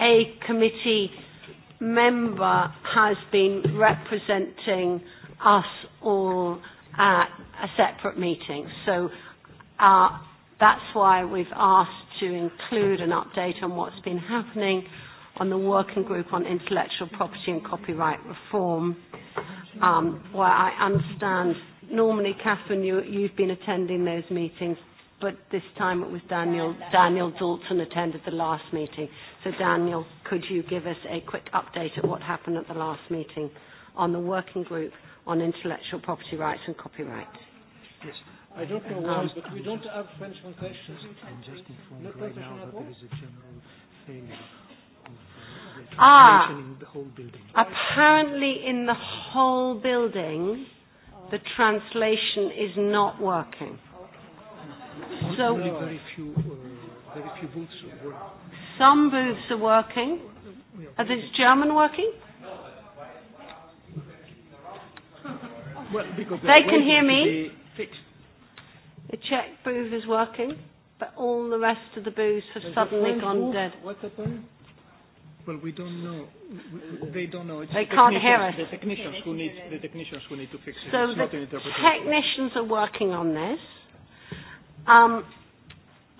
a committee member has been representing us all at a separate meeting. So uh, that's why we've asked to include an update on what's been happening on the working group on intellectual property and copyright reform, um, where I understand normally, Catherine, you, you've been attending those meetings, but this time it was Daniel, Daniel Dalton attended the last meeting. So Daniel, could you give us a quick update of what happened at the last meeting on the working group on intellectual property rights and copyright? Yes. I don't know why, um, but we don't have French translations. I'm just informed no right now that there is a general failure of the uh, ah, in the whole building. Apparently in the whole building, the translation is not working. Okay. So, Only very few, uh, very few booths work Some booths are working. Are this German working? Well, because they can hear me. The Czech booth is working, but all the rest of the booths have Has suddenly gone move? dead. What happened? Well, we don't know. We, they don't know. It's they the can't hear us. The technicians who need the technicians who need to fix it. So it's the not an interpretation. technicians are working on this. Um,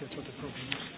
That's what the problem is.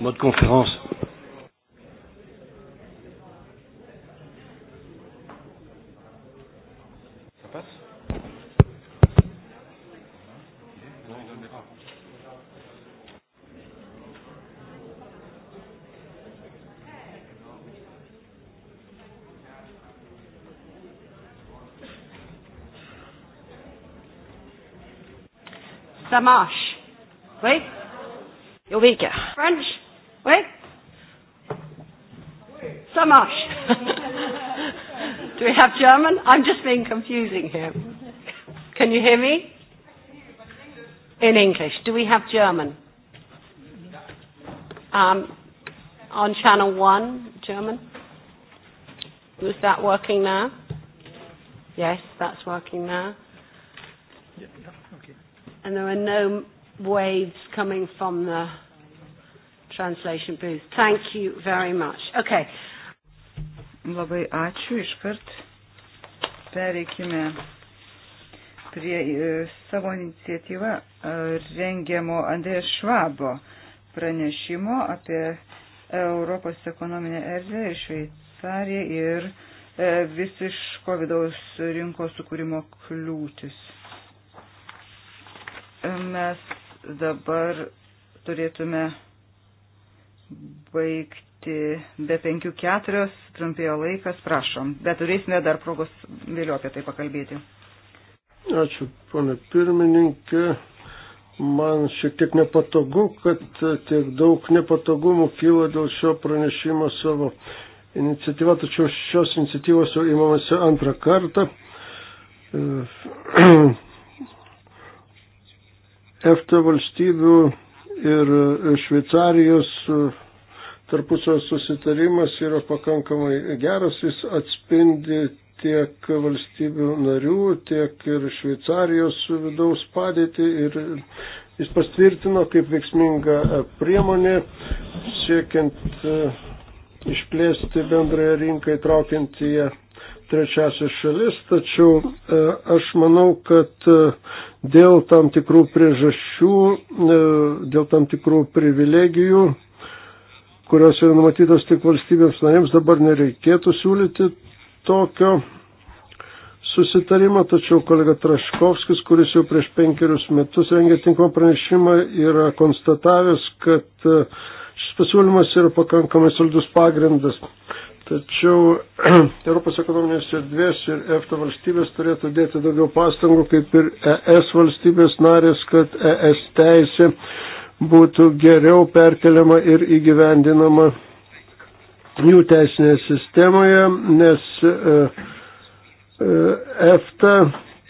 mode conférence. Ça passe Ça marche. Oui. Eu vim cá. French. so much. Do we have German? I'm just being confusing here. Can you hear me? In English. Do we have German? Um, on channel one, German. Is that working now? Yes, that's working now. Yeah, yeah, okay. And there are no waves coming from the translation booth. Thank you very much. Okay, Labai ačiū. Iškart pereikime prie e, savo iniciatyvą e, rengiamo Andrės Švabo pranešimo apie Europos ekonominę erdvę ir Šveicariją ir e, visiško vidaus rinkos sukūrimo kliūtis. Mes dabar turėtume baigti kalbėti be penkių keturios, trumpėjo laikas, prašom. Bet turėsime dar progos vėliau apie tai pakalbėti. Ačiū, ponė pirmininkė. Man šiek tiek nepatogu, kad tiek daug nepatogumų kyla dėl šio pranešimo savo iniciatyva, tačiau šios iniciatyvos jau įmamasi antrą kartą. EFTA valstybių ir Šveicarijos tarpusio susitarimas yra pakankamai geras, jis atspindi tiek valstybių narių, tiek ir Šveicarijos vidaus padėtį ir jis pastvirtino kaip veiksminga priemonė siekiant e, išplėsti bendrąją rinką įtraukiant į ją trečiasis šalis, tačiau e, aš manau, kad e, dėl tam tikrų priežasčių, dėl tam tikrų privilegijų kurios yra numatytos tik valstybėms narėms, dabar nereikėtų siūlyti tokio susitarimą, tačiau kolega Traškovskis, kuris jau prieš penkerius metus rengė tinkamą pranešimą, yra konstatavęs, kad e, šis pasiūlymas yra pakankamai saldus pagrindas. Tačiau Europos ekonominės erdvės ir EFTA valstybės turėtų dėti daugiau pastangų, kaip ir ES valstybės narės, kad ES teisė būtų geriau perkeliama ir įgyvendinama jų teisinėje sistemoje, nes e, e, EFTA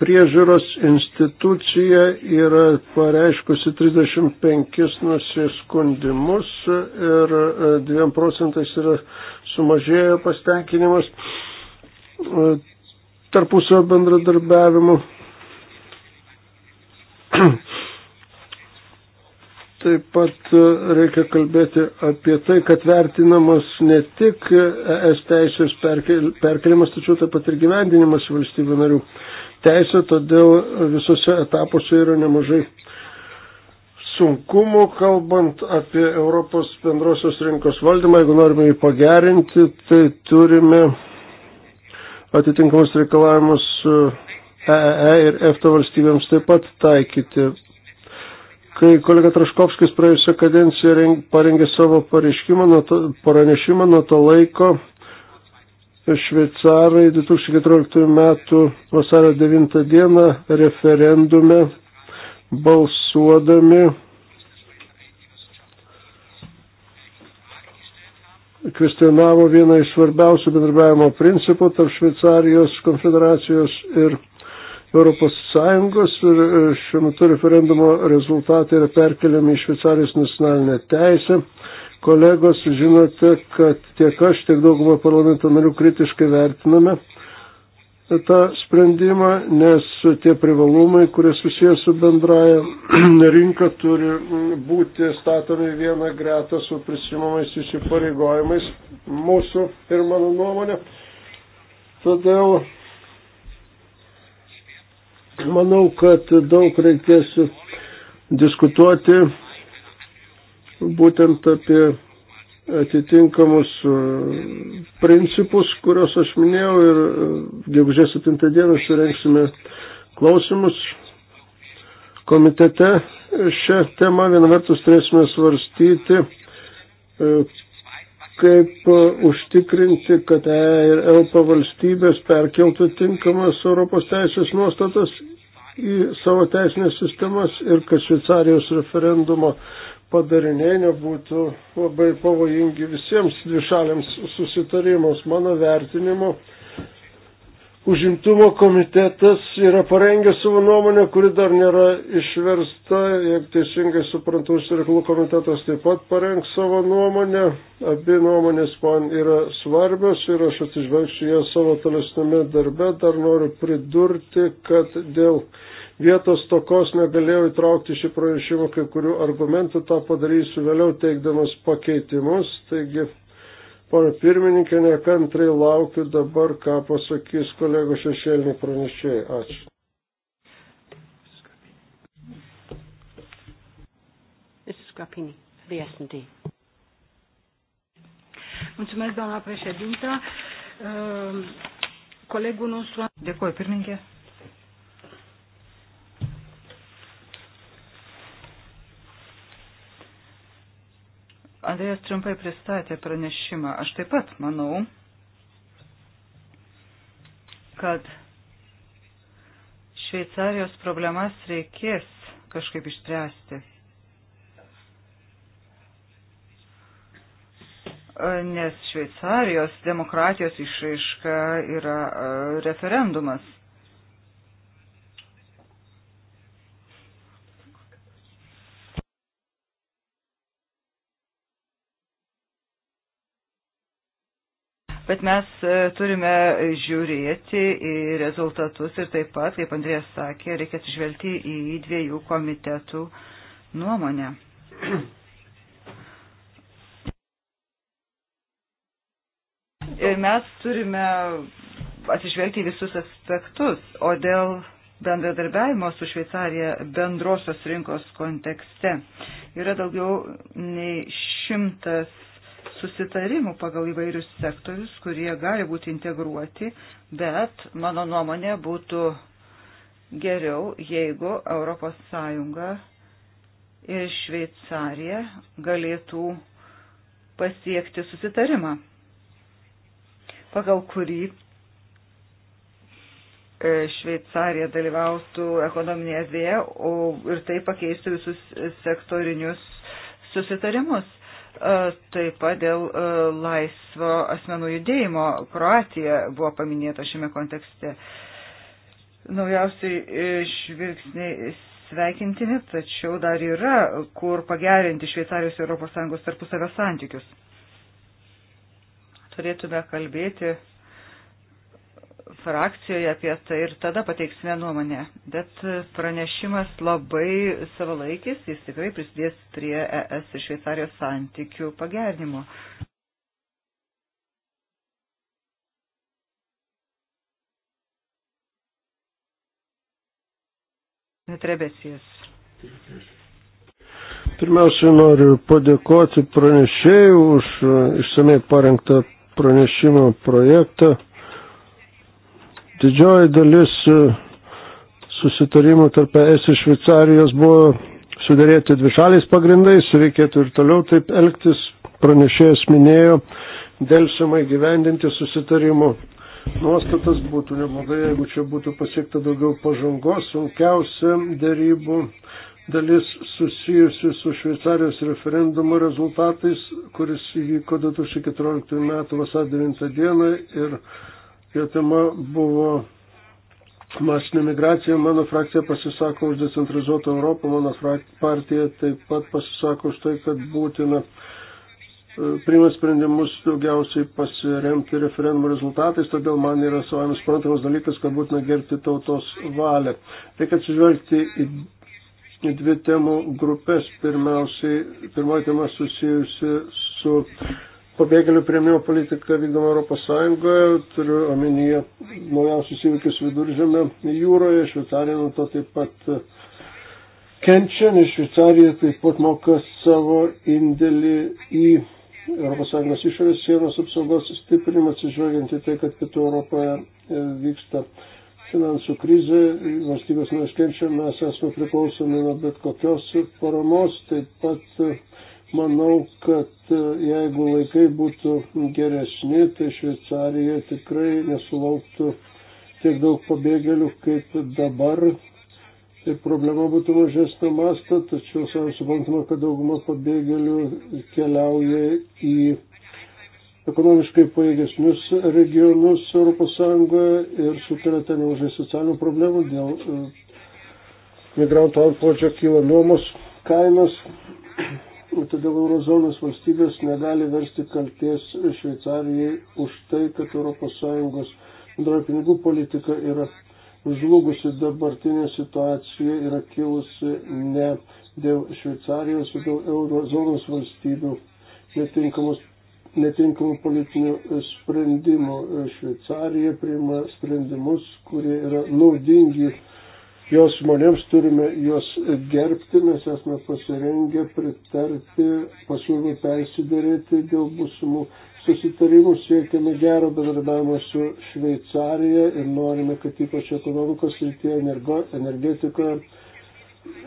priežiūros institucija yra pareiškusi 35 nusiskundimus ir 2 e, procentais yra sumažėjo pastenkinimas tarpusio bendradarbiavimu. Taip pat e, reikia kalbėti apie tai, kad vertinamas ne tik ES teisės perkelimas, tačiau taip pat ir gyvendinimas valstybių narių teisė, todėl visose etapuose yra nemažai sunkumų, kalbant apie Europos bendrosios rinkos valdymą. Jeigu norime jį pagerinti, tai turime atitinkamus reikalavimus EEE e e ir EFTA valstybėms taip pat taikyti. Kai kolega Traškovskis praėjusią kadenciją parengė savo pareiškimą, nuo to, pranešimą nuo to laiko šveicarai 2014 metų vasario 9 dieną referendume balsuodami kvestionavo vieną iš svarbiausių bendradarbiavimo principų tarp Šveicarijos konfederacijos ir Europos Sąjungos ir e, šiuo metu referendumo rezultatai yra perkeliami į Šveicarijos nacionalinę teisę. Kolegos, žinote, kad tiek aš, tiek dauguma parlamento narių kritiškai vertiname tą sprendimą, nes tie privalumai, kurie susijęs su bendraja rinka, turi būti statomi vieną gretą su prisimamais įsipareigojimais mūsų ir mano nuomonė. Todėl Manau, kad daug reikės diskutuoti būtent apie atitinkamus e, principus, kuriuos aš minėjau ir e, gegužės 7 dieną surenksime klausimus komitete šią temą. Vieną vertus turėsime svarstyti, e, kaip e, užtikrinti, kad E ir ELPA valstybės perkeltų tinkamas Europos teisės nuostatas į savo teisinės sistemas ir kad Šveicarijos referendumo padariniai nebūtų labai pavojingi visiems dvišaliams susitarimams. Mano vertinimo Užimtumo komitetas yra parengęs savo nuomonę, kuri dar nėra išversta, jeigu teisingai suprantu, užsireikalų komitetas taip pat parengs savo nuomonę, abi nuomonės man yra svarbios ir aš atsižvelgsiu ją savo tolesnėme darbe, dar noriu pridurti, kad dėl vietos tokos negalėjau įtraukti šį pranešimą kai kurių argumentų, tą padarysiu vėliau teikdamas pakeitimus, taigi Pone pirmininkė, nekantrai laukiu dabar, ką pasakys kolego šešėlinį pranešėjai. Ačiū. Scrapini, BSD. Mulțumesc, doamna președintă. Ehm, colegul nostru... Dėkuoju, pirmininkė. Andrėjas trumpai pristatė pranešimą. Aš taip pat manau, kad Šveicarijos problemas reikės kažkaip išspręsti. Nes Šveicarijos demokratijos išraiška yra e, referendumas. Bet mes e, turime žiūrėti į rezultatus ir taip pat, kaip Andrėjas sakė, reikia atsižvelgti į dviejų komitetų nuomonę. Ir e, mes turime atsižvelgti į visus aspektus, o dėl bendradarbiavimo su Šveicarija bendrosios rinkos kontekste yra daugiau nei šimtas susitarimų pagal įvairius sektorius, kurie gali būti integruoti, bet mano nuomonė būtų geriau, jeigu ES ir Šveicarija galėtų pasiekti susitarimą, pagal kurį e, Šveicarija dalyvautų ekonominėje erdvėje ir tai pakeistų visus sektorinius susitarimus. E, taip pat dėl e, laisvo asmenų judėjimo Kroatija buvo paminėta šiame kontekste. Naujausiai e, žvilgsniai sveikintini, tačiau dar yra kur pagerinti Šveicarijos ir ES tarpusavio santykius. Turėtume kalbėti frakcijoje apie tai ir tada pateiksime nuomonę. Bet pranešimas labai savalaikis, jis tikrai prisidės prie ES ir Šveicarijos santykių pagernimo. Netrebesijas. Pirmiausia, noriu padėkoti pranešėjų už išsamei parengtą pranešimo projektą. Didžioji dalis e, susitarimų tarp ES ir Šveicarijos buvo sudėrėti dvišaliais pagrindais, reikėtų ir toliau taip elgtis, pranešėjas minėjo, dėlsiamai gyvendinti susitarimo nuostatas būtų neblogai, jeigu čia būtų pasiekta daugiau pažangos, sunkiausia dėrybų dalis susijusi su Šveicarijos referendumo rezultatais, kuris įvyko 2014 m. vasarą 9 d. ir jo tema buvo masinė migracija. Mano frakcija pasisako už decentralizuotą Europą, mano partija taip pat pasisako už tai, kad būtina e, priimant sprendimus daugiausiai pasiremti referendumo rezultatais, todėl man yra savami suprantamas dalykas, kad būtina gerbti tautos valią. Reikia atsižvelgti į, į dvi temų grupės. Pirmiausiai, pirmoji tema susijusi su pabėgėlių prieimimo politiką vykdomą Europos Sąjungoje, turiu omenyje naujausius įvykius viduržėme jūroje, Šveicarija nuo to taip pat e, kenčia, nes Šveicarija taip pat moka savo indėlį į Europos Sąjungos išorės sienos apsaugos stiprinimą, atsižvelgiant į tai, kad pietų Europoje e, vyksta finansų krizė, valstybės neiškenčia, mes esame priklausomi nuo bet kokios paramos, taip pat e, Manau, kad e, jeigu laikai būtų geresni, tai Šveicarija tikrai nesulauktų tiek daug pabėgėlių kaip dabar. Ir problema būtų mažesnio masto, tačiau savai suprantama, kad dauguma pabėgėlių keliauja į ekonomiškai pajėgesnius regionus ES ir sukelia ten nemažai socialinių problemų dėl e, migrantų antplodžio kyla nuomos kainos Todėl eurozonos valstybės negali versti kalties Šveicarijai už tai, kad ES bendroji pinigų politika yra žlugusi dabartinė situacija, yra kilusi ne dėl Šveicarijos, o dėl eurozonos valstybių netinkamos netinkamų politinių sprendimų. Šveicarija priima sprendimus, kurie yra naudingi jos žmonėms turime juos gerbti, mes esame pasirengę pritarti pasiūlymui persidėrėti dėl būsimų susitarimų, siekiame gero bendradarbiavimo su Šveicarija ir norime, kad ypač ekonomikos srityje, energetikoje,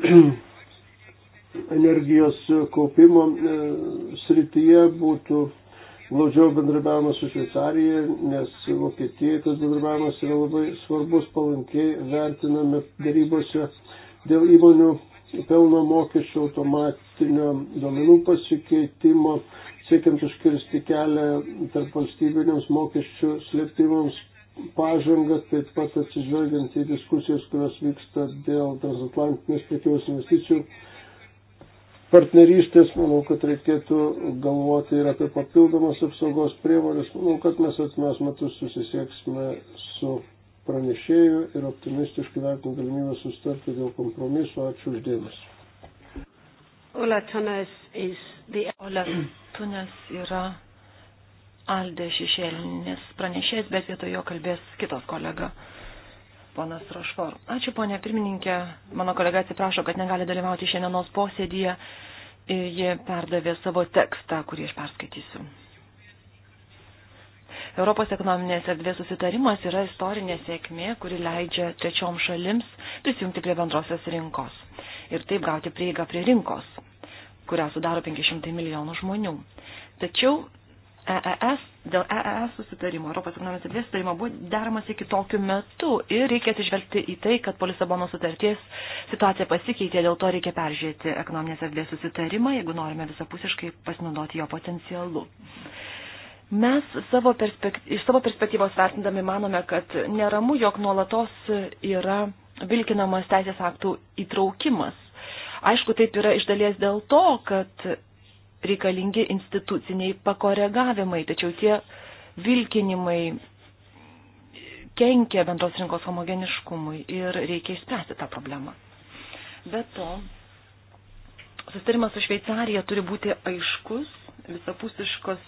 energijos kaupimo e, srityje būtų glaudžiau bendrabiavimą su Šveicarija, nes Vokietijai tas bendrabiavimas yra labai svarbus, palankiai vertiname darybose dėl įmonių pelno mokesčio automatinio duomenų pasikeitimo, siekiant užkirsti kelią tarp valstybinėms mokesčių slėptimams pažanga, taip pat atsižvelgiant į diskusijas, kurios vyksta dėl transatlantinės prekybos investicijų partnerystės, manau, kad reikėtų galvoti ir apie papildomas apsaugos priemonės. Manau, kad mes atmes metus susisieksime su pranešėju ir optimistiškai vertinu galimybę sustarti dėl kompromiso. Ačiū uždėmesi. Ola Tunas, the... Ola Tunas yra Aldė Šešėlinis pranešėjas, bet vietoj jo kalbės kitas kolega. Ponas Rošfor. Ačiū, ponė pirmininkė. Mano kolega atsiprašo, kad negali dalyvauti šiandienos posėdėje ir ji perdavė savo tekstą, kurį aš perskaitysiu. Europos ekonominės erdvės susitarimas yra istorinė sėkmė, kuri leidžia trečiom šalims prisijungti prie bendrosios rinkos ir taip gauti prieigą prie rinkos, kurią sudaro 500 milijonų žmonių. Tačiau EES, dėl EES susitarimo, Europos ekonominės erdvės susitarimo buvo deramasi kitokiu metu ir reikia atsižvelgti į tai, kad po Lisabono sutarties situacija pasikeitė, dėl to reikia peržiūrėti ekonominės erdvės susitarimą, jeigu norime visapusiškai pasinaudoti jo potencialu. Mes savo iš savo perspektyvos vertindami manome, kad neramu, jog nuolatos yra vilkinamas teisės aktų įtraukimas. Aišku, taip yra iš dalies dėl to, kad reikalingi instituciniai pakoregavimai, tačiau tie vilkinimai kenkia bendros rinkos homogeniškumui ir reikia išspręsti tą problemą. Be to, sustarimas su Šveicarija turi būti aiškus, visapusiškas,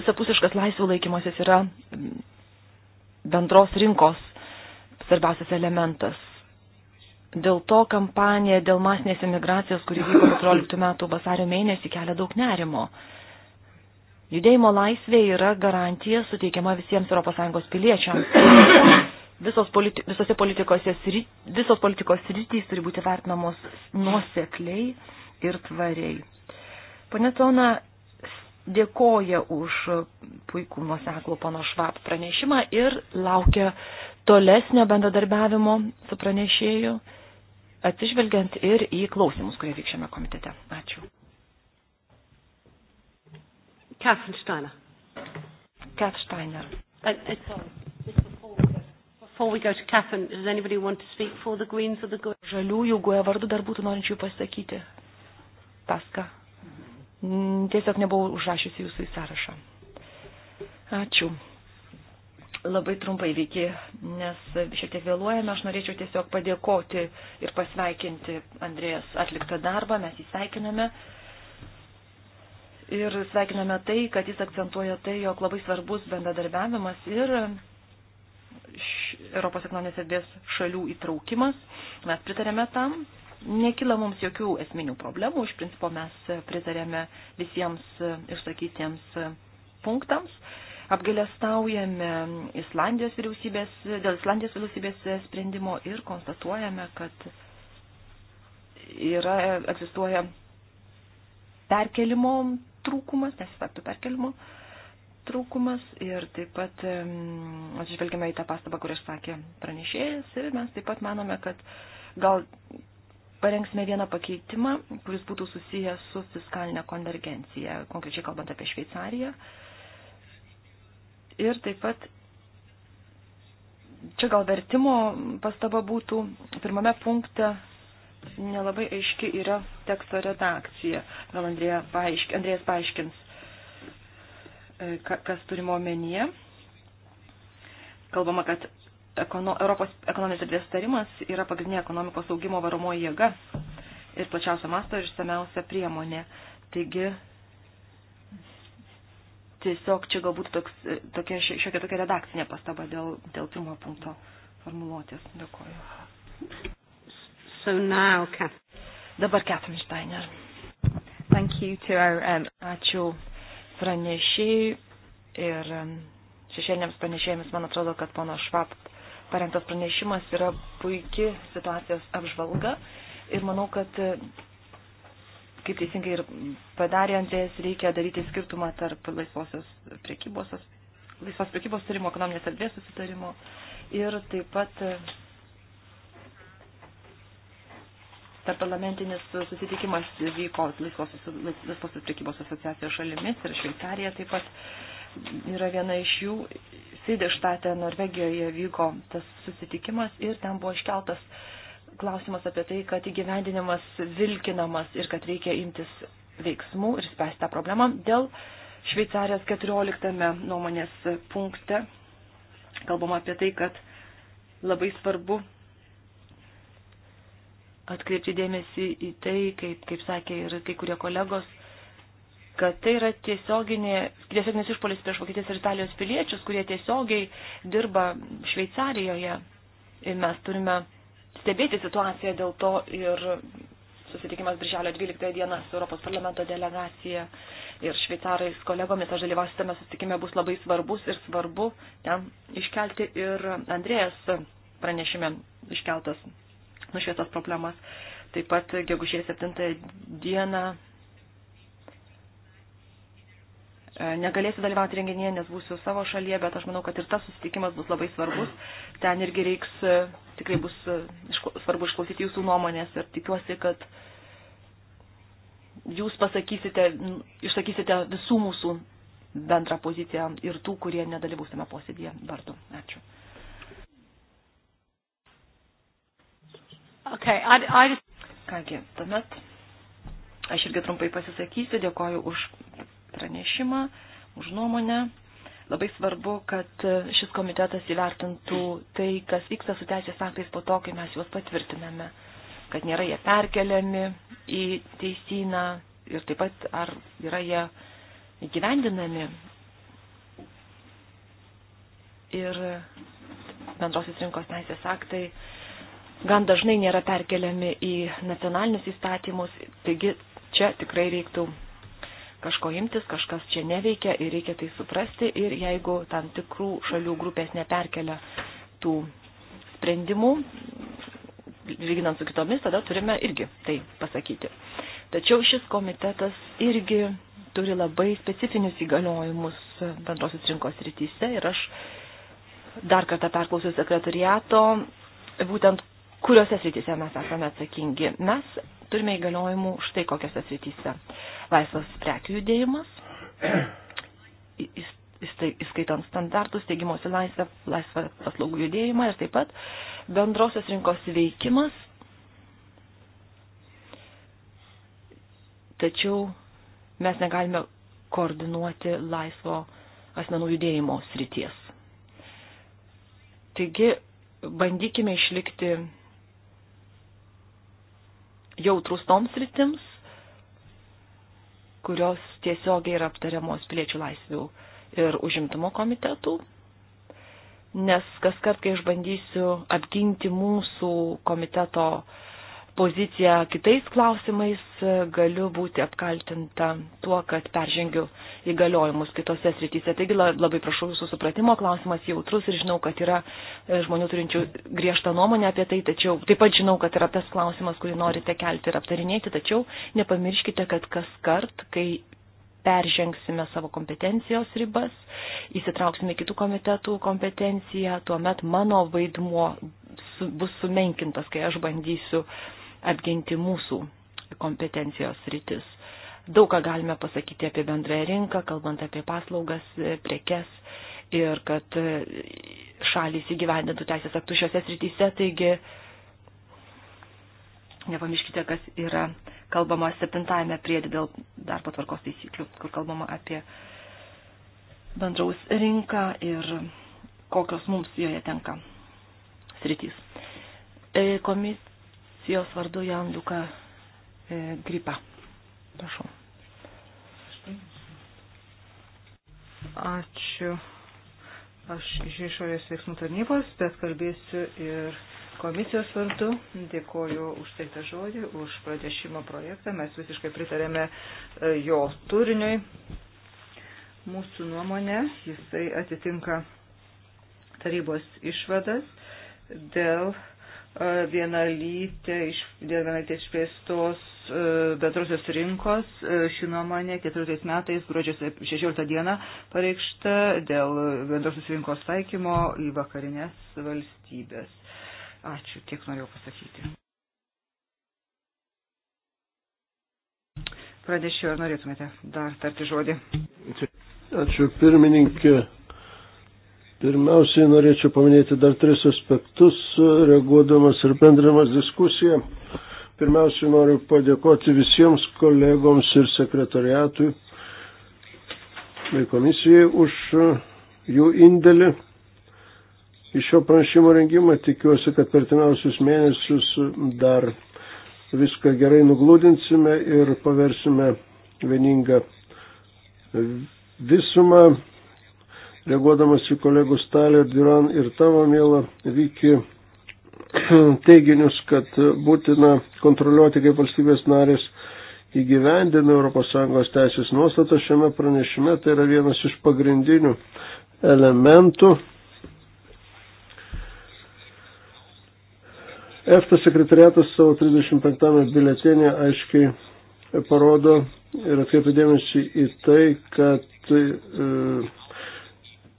visapusiškas laisvų laikymasis yra bendros rinkos svarbiausias elementas. Dėl to kampanija dėl masinės imigracijos, kuri vyko 14 metų vasario mėnesį, kelia daug nerimo. Judėjimo laisvė yra garantija suteikiama visiems ES piliečiams. Visos, politi visose politikos, visos politikos rytys turi būti vertinamos nuosekliai ir tvariai. Pane Tona dėkoja už puikų nuoseklų pono Švab pranešimą ir laukia tolesnio bendradarbiavimo su pranešėju atsižvelgiant ir į klausimus, kurie vyks šiame komitete. Ačiū. Katrin Steiner. Kath Steiner. Uh, Before we go to Catherine, does anybody want to speak for the Greens or the GUE? Žaliųjų GUE vardu dar būtų norinčių pasakyti. Paska. Tiesiog nebuvau užrašiusi jūsų į sąrašą. Ačiū. Labai trumpai veiki, nes šiek tiek vėluojame. Aš norėčiau tiesiog padėkoti ir pasveikinti Andrėjas atliktą darbą. Mes jį sveikiname. Ir sveikiname tai, kad jis akcentuoja tai, jog labai svarbus bendradarbiavimas ir Europos ekonominės erdvės šalių įtraukimas. Mes pritarėme tam. Nekyla mums jokių esminių problemų. Iš principo mes pritarėme visiems išsakytiems punktams. Apgailestaujame Islandijos vyriausybės, dėl Islandijos vyriausybės sprendimo ir konstatuojame, kad yra, egzistuoja perkelimo trūkumas, teisės aktų perkelimo trūkumas ir taip pat atsižvelgiame į tą pastabą, kur išsakė pranešėjas ir mes taip pat manome, kad gal parengsime vieną pakeitimą, kuris būtų susijęs su fiskalinė konvergencija, konkrečiai kalbant apie Šveicariją. Uh, ir taip pat čia gal vertimo pastaba būtų, pirmame punkte nelabai aiški yra teksto redakcija. Gal Andrėja paaišk, Andrėjas paaiškins, e, kas turimo omenyje. Kalbama, kad ekono, Europos ekonominis erdvės tarimas yra pagrindinė ekonomikos augimo varomoji jėga ir plačiausia masto ir išsamiausia priemonė. Taigi Tiesiog čia galbūt toks, e, tokia, šiokia tokia redakcinė pastaba dėl, dėl pirmo punkto formuluotės. Dėkuoju. So now, Kat. Dabar Catherine Steiner. Thank you to our, um, ačiū pranešėjai ir um, šešėlėms pranešėjams, man atrodo, kad pono Švab parengtas pranešimas yra puikia situacijos apžvalga ir manau, kad kaip teisingai ir padarė Andrėjas, reikia daryti skirtumą tarp laisvosios prekybos, laisvos prekybos sutarimo, ekonominės erdvės susitarimo ir taip pat e, tarp parlamentinis susitikimas vyko laisvosios, laisvosios prekybos asociacijos šalimis ir Šveicarija taip pat yra viena iš jų. Sideštate Norvegijoje vyko tas susitikimas ir ten buvo iškeltas uh, klausimas apie tai, kad įgyvendinimas vilkinamas ir kad reikia imtis veiksmų ir spręsti tą problemą. Dėl Šveicarijos 14 nuomonės punkte kalbama apie tai, kad labai svarbu atkreipti dėmesį į tai, kaip, kaip sakė ir kai kurie kolegos, kad tai yra tiesioginė, tiesioginis išpolis prieš Vokietijos ir Italijos piliečius, kurie tiesiogiai dirba Šveicarijoje. Ir mes turime stebėti situaciją, dėl to ir susitikimas birželio 12 dieną su Europos parlamento delegacija ir šveicarais kolegomis, aš dalyvausiu tame susitikime, bus labai svarbus ir svarbu ten iškelti ir Andrėjas pranešime iškeltas nušviestas problemas. Taip pat gegužės 7 dieną E, negalėsiu dalyvauti renginėje, nes būsiu savo šalyje, bet aš manau, kad ir tas susitikimas bus labai svarbus. Ten irgi reiks, e, tikrai bus e, svarbu išklausyti jūsų nuomonės ir tikiuosi, kad jūs pasakysite, išsakysite visų mūsų bendrą poziciją ir tų, kurie nedalyvausime posėdėje vardu. Ačiū. Okay, I, I just... Kągi, tuomet aš irgi trumpai pasisakysiu, dėkoju už pranešimą, už nuomonę. Labai svarbu, kad šis komitetas įvertintų tai, kas vyksta su teisės aktais po to, kai mes juos patvirtiname, kad nėra jie perkeliami į teisyną ir taip pat ar yra jie įgyvendinami. Ir bendrosios rinkos teisės aktai gan dažnai nėra perkeliami į nacionalinius įstatymus, taigi čia tikrai reiktų kažko imtis, kažkas čia neveikia ir reikia tai suprasti ir jeigu tam tikrų šalių grupės neperkelia tų sprendimų, lyginant su kitomis, tada turime irgi tai pasakyti. Tačiau šis komitetas irgi turi labai specifinius įgaliojimus bendrosios rinkos rytise ir aš dar kartą perklausiu sekretariato, būtent kuriuose srityse mes esame atsakingi. Mes turime įgaliojimų štai kokiose srityse. Laisvas prekių judėjimas, įskaitant standartus, teigimosi laisvę, laisvą paslaugų judėjimą ir taip pat bendrosios rinkos veikimas. Tačiau mes negalime koordinuoti laisvo asmenų judėjimo srities. Taigi, bandykime išlikti jautrus toms rytims, kurios tiesiogiai yra aptariamos piliečių laisvių ir užimtumo komitetų, nes kas kart, kai aš bandysiu apginti mūsų komiteto uh, poziciją kitais klausimais, galiu būti apkaltinta tuo, kad peržengiu įgaliojimus kitose srityse. Taigi labai prašau jūsų supratimo, klausimas jautrus ir žinau, kad yra e, žmonių turinčių griežtą nuomonę apie tai, tačiau taip pat žinau, kad yra tas klausimas, kurį norite kelti ir aptarinėti, tačiau nepamirškite, kad kas kart, kai peržengsime savo kompetencijos ribas, įsitrauksime kitų komitetų kompetenciją, tuomet mano vaidmuo bus sumenkintas, kai aš bandysiu uh, apginti mūsų kompetencijos rytis. Daug ką galime pasakyti apie bendrąją rinką, kalbant apie paslaugas, prekes ir kad šalys įgyvendintų teisės aktų šiose srityse. Taigi, nepamirškite, kas yra kalbama septintajame priedė dėl darbo tvarkos taisyklių, kur kalbama apie bendraus rinką ir kokios mums joje tenka sritys. E, komis, jos vardu Jan Luka e, Gripa. Prašau. Ačiū. Aš iš išorės veiksmų tarnybos, bet kalbėsiu ir komisijos vardu. Dėkoju už tai tą žodį, už pradėšimo projektą. Mes visiškai pritarėme e, jo turiniui. Mūsų nuomonė, jisai atitinka tarybos išvadas dėl E, vienalytė, dėl vienalytės išplėstos e, bendrosios rinkos. E, ši nuomonė 14 metais, gruodžio 16 dieną, pareikšta dėl bendrosios rinkos taikymo į vakarinės valstybės. Ačiū, tiek norėjau pasakyti. Pradėšiu, ar norėtumėte dar tarti žodį? Ačiū pirmininkė. Pirmiausiai norėčiau paminėti dar tris aspektus, reaguodamas ir bendramas diskusiją. Pirmiausiai noriu padėkoti visiems kolegoms ir sekretariatui bei komisijai už jų indėlį. Iš šio pranešimo rengimą tikiuosi, kad per tinausius mėnesius dar viską gerai nugludinsime ir paversime vieningą visumą reaguodamas į kolegų Stalį, Duran ir tavo mielą Vykį teiginius, kad būtina kontroliuoti, kaip valstybės narės įgyvendina ES teisės nuostatas šiame pranešime, tai yra vienas iš pagrindinių elementų. EFTA sekretariatas savo 35 biletinė aiškiai parodo ir atkreipia dėmesį į tai, kad e,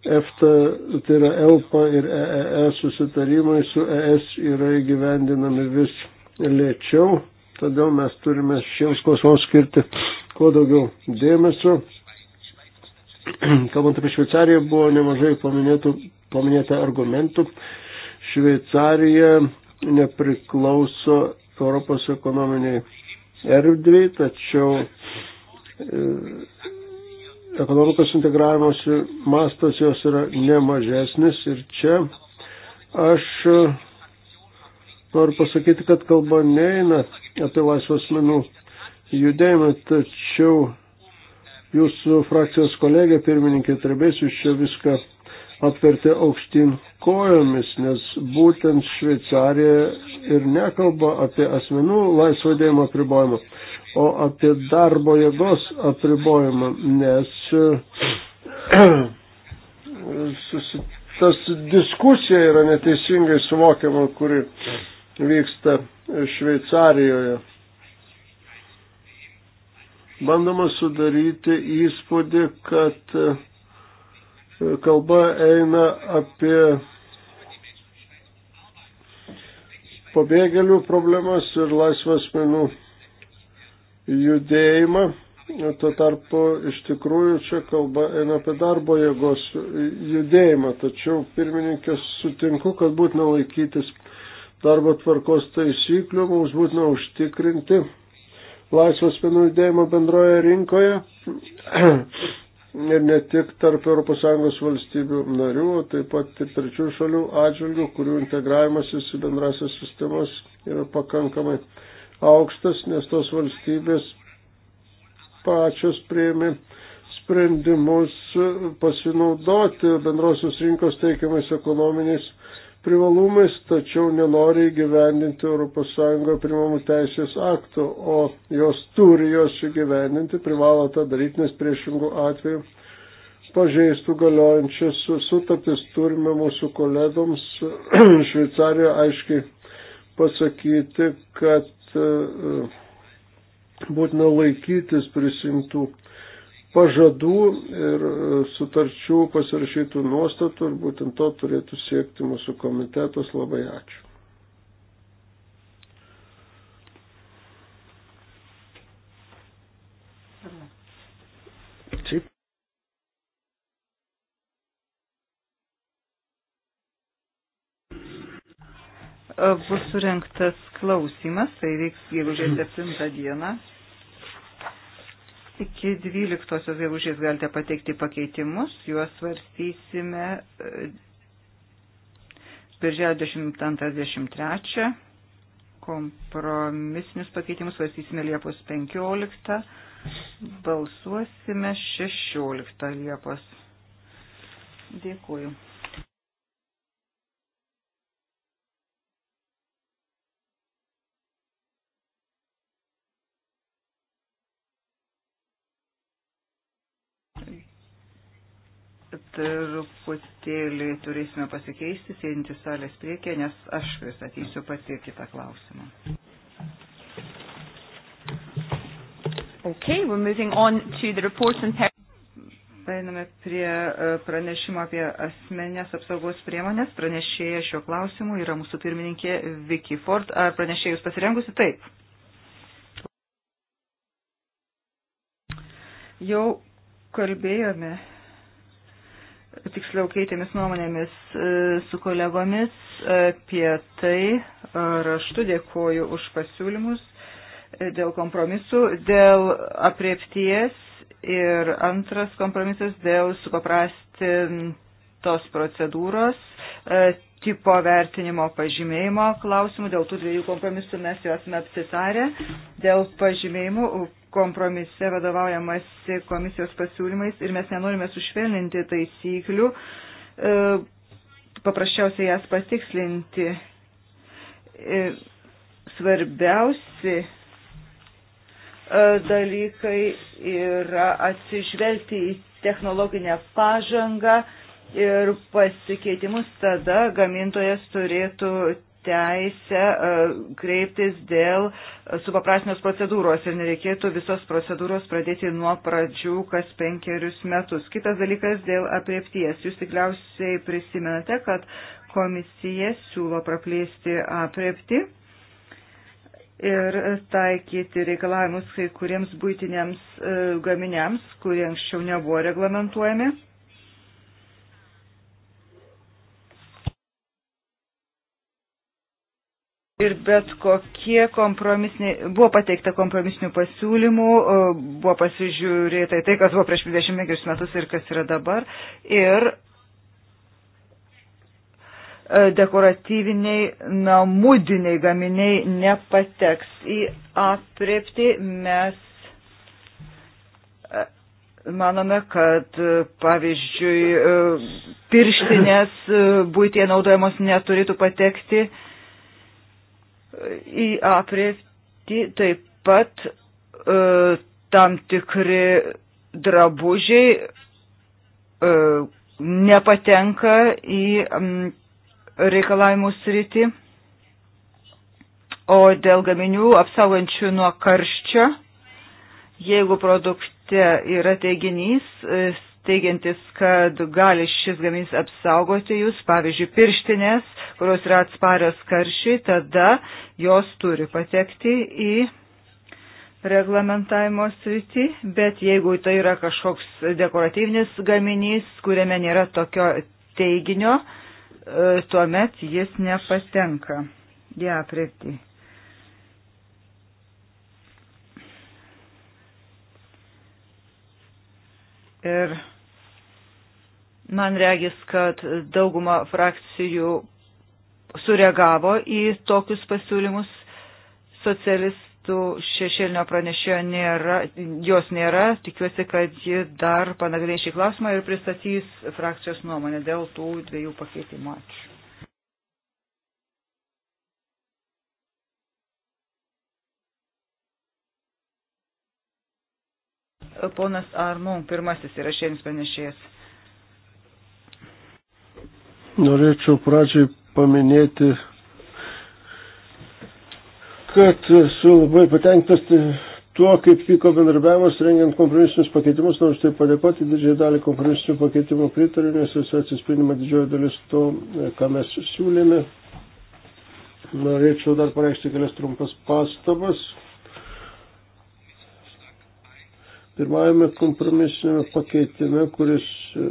EFTA, tai yra ELPA ir EES susitarimai su ES e yra įgyvendinami vis lėčiau, todėl mes turime šiems klausimams skirti kuo daugiau dėmesio. Kalbant apie Šveicariją, buvo nemažai paminėtų, paminėta argumentų. Šveicarija nepriklauso Europos ekonominiai erdvėjai, tačiau e, ekonomikos integravimosi mastas jos yra nemažesnis ir čia aš e, noriu pasakyti, kad kalba neina apie laisvos menų judėjimą, tačiau jūsų frakcijos kolegė pirmininkė Trebės jūs čia viską apvertė aukštin kojomis, nes būtent Šveicarija ir nekalba apie asmenų laisvo dėjimo apribojimą, o apie darbo jėgos apribojimą, nes tas diskusija yra neteisingai suvokiama, kuri vyksta Šveicarijoje bandoma sudaryti įspūdį, kad kalba eina apie pabėgėlių problemas ir laisvas menų judėjimą. Tuo tarpu iš tikrųjų čia kalba eina apie darbo jėgos judėjimą, tačiau pirmininkės sutinku, kad būtina laikytis darbo tvarkos taisyklių, mums būtina užtikrinti laisvas menų judėjimą bendroje rinkoje ir ne tik tarp ES valstybių narių, taip pat ir trečių šalių atžvilgių, kurių integravimasis į bendrasias sistemas yra pakankamai aukštas, nes tos valstybės pačios prieimė sprendimus pasinaudoti bendrosios rinkos teikiamais ekonominiais privalumais, tačiau nenori įgyvendinti ES primamų teisės aktų, o jos turi jos įgyvendinti, privalo tą daryti, nes priešingų atveju pažeistų galiojančias sutartis turime mūsų kolegoms Šveicarijoje aiškiai pasakyti, kad e, būtina laikytis prisimtų pažadų ir e, sutarčių pasirašytų nuostatų ir būtent to turėtų siekti mūsų komitetas. Labai ačiū. E, bus surinktas klausimas, tai vyks gegužės 7 dieną iki 12 gegužės galite pateikti pakeitimus, juos svarstysime e, birželio 22-23, kompromisinius pakeitimus svarstysime Liepos 15, balsuosime 16 Liepos. Dėkuoju. truputėlį turėsime pasikeisti, sėdinti salės priekė, nes aš pristatysiu pati kitą klausimą. Okay, we're moving on to the reports and Einame prie e, pranešimo apie asmenės apsaugos priemonės. Pranešėja šio klausimu yra mūsų pirmininkė Vicky Ford. Ar pranešėja jūs pasirengusi? Taip. Jau kalbėjome tiksliau keitėmis nuomonėmis e, su kolegomis apie tai. Raštu dėkoju už pasiūlymus e, dėl kompromisų, dėl apriepties ir antras kompromisas dėl supaprastintos procedūros e, tipo vertinimo pažymėjimo klausimų. Dėl tų dviejų kompromisų mes jau esame apsitarę. Dėl pažymėjimų kompromise vadovaujamasi komisijos pasiūlymais ir mes nenorime sušvelninti taisyklių, e, paprasčiausiai jas patikslinti. E, svarbiausi e, dalykai yra atsižvelgti į technologinę pažangą ir pasikeitimus tada gamintojas turėtų teisę e, kreiptis dėl supaprastinės procedūros ir nereikėtų visos procedūros pradėti nuo pradžių kas penkerius metus. Kitas dalykas dėl apriepties. Jūs tikriausiai prisimenate, kad komisija siūlo praplėsti apriepti ir taikyti reikalavimus kai kuriems būtiniams e, gaminiams, kurie anksčiau nebuvo reglamentuojami ir bet kokie kompromisiniai, buvo pateikta kompromisinių pasiūlymų, buvo pasižiūrėta į tai, kas buvo prieš 25 metus ir kas yra dabar. Ir e, dekoratyviniai namudiniai gaminiai nepateks į apriepti. Mes e, manome, kad e, pavyzdžiui pirštinės būtie naudojamos neturėtų patekti į apriepti taip pat e, tam tikri drabužiai e, nepatenka į m, reikalavimų sritį, o dėl gaminių apsaugančių nuo karščio, jeigu produkte yra teiginys, e, teigiantis, kad gali šis gaminys apsaugoti jūs, pavyzdžiui, pirštinės, kurios yra atsparios karšiai, tada jos turi patekti į reglamentavimo sritį, bet jeigu tai yra kažkoks dekoratyvinis gaminys, kuriame nėra tokio teiginio, e, tuomet jis nepatenka. Ja, prieiti. Ir man regis, kad dauguma frakcijų sureagavo į tokius pasiūlymus. Socialistų šešėlinio pranešėjo nėra, jos nėra. Tikiuosi, kad ji dar panagrės šį klausimą ir pristatys frakcijos nuomonę dėl tų dviejų pakeitimų. Ačiū. Ponas Armon, pirmasis yra šiandien panešėjas. Norėčiau pradžiai paminėti, kad esu labai patenkintas tai tuo, kaip vyko bendarbiavimas rengiant kompromisinius pakeitimus, nors tai padėkoti didžiai dalį kompromisinių pakeitimų pritariu, nes jis atsispindima didžioji dalis to, ką mes siūlėme. Norėčiau dar pareikšti kelias trumpas pastabas. Pirmajame kompromisinėme pakeitime, kuris e,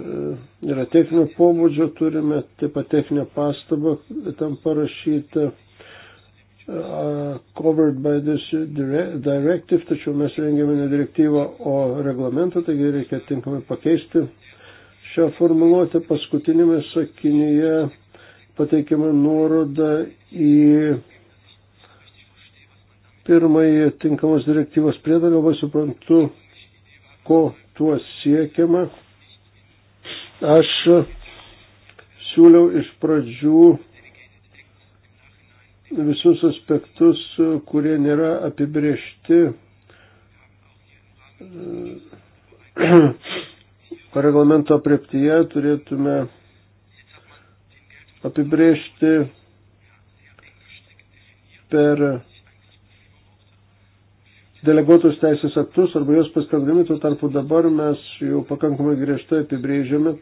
yra techninio pobūdžio, turime taip pat techninę pastabą, tam parašyta e, covered by this directive, tačiau mes rengiame ne direktyvą, o reglamentą, taigi reikia tinkamai pakeisti šią formuluotę. Paskutinėme sakinyje pateikiama nuoroda į pirmąjį tinkamos direktyvos priedą, labai suprantu, ko tuo siekiama. Aš siūliau iš pradžių visus aspektus, kurie nėra apibriešti reglamento prieptyje, turėtume apibriežti per deleguotus teisės aktus arba juos paskelbdami, tuo tarpu dabar mes jau pakankamai griežtai apibrėžiame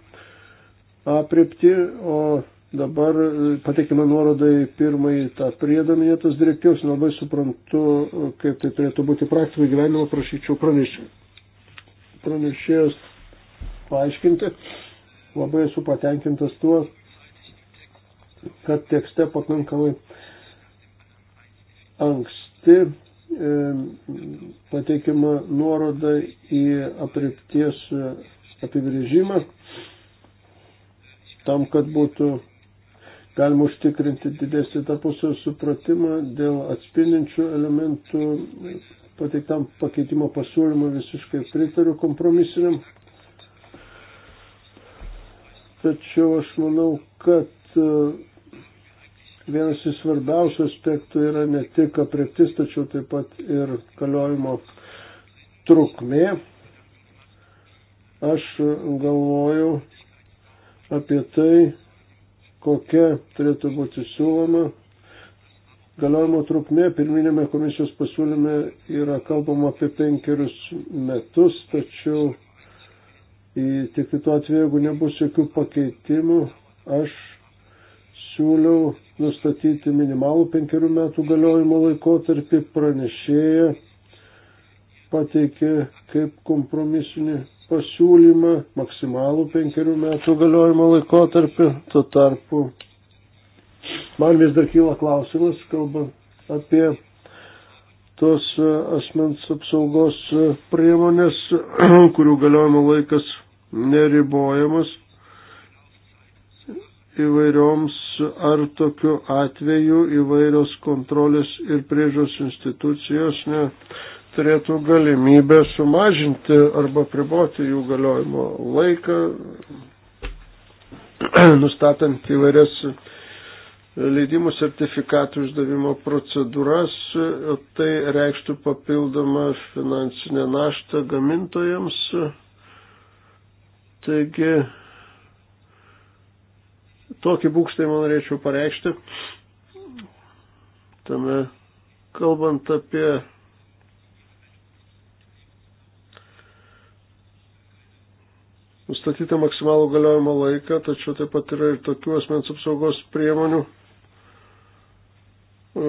apripti, o dabar e, pateikime nuorodą į pirmąjį tą priedą minėtos direktyvos, nelabai suprantu, e, kaip tai turėtų būti praktikoje gyvenimo, prašyčiau pranešėjų. Pranešėjos paaiškinti, labai esu patenkintas tuo, kad tekste pakankamai anksti E, pateikiama nuoroda į apripties apibrėžimą tam, kad būtų galima užtikrinti didesnį tarpusio supratimą dėl atspindinčių elementų pateiktam pakeitimo pasiūlymui visiškai pritariu kompromisiniam. Tačiau aš manau, kad Vienas iš svarbiausių aspektų yra ne tik apreptis, tačiau taip pat ir kaliojimo trukmė. Aš galvojau apie tai, kokia turėtų būti siūloma Galiojimo trukmė pirminėme komisijos pasiūlyme yra kalbama apie penkerius metus, tačiau į, tik tai tuo atveju, jeigu nebus jokių pakeitimų, aš siūliau nustatyti minimalų penkerių metų galiojimo laikotarpį pranešėja pateikė kaip kompromisinį pasiūlymą maksimalų penkerių metų galiojimo laikotarpį. Tuo tarpu man vis dar kyla klausimas, kalbant apie tos asmens apsaugos priemonės, kurių galiojimo laikas neribojamas įvairioms ar tokiu atveju įvairios kontrolės ir priežos institucijos neturėtų galimybę sumažinti arba priboti jų galiojimo laiką, nustatant įvairias leidimų sertifikatų išdavimo procedūras, tai reikštų papildomą finansinę naštą gamintojams. Taigi Tokį būkštą man norėčiau pareikšti. Tame kalbant apie nustatyti maksimalų galiojimo laiką, tačiau taip pat yra ir tokių asmens apsaugos priemonių, e,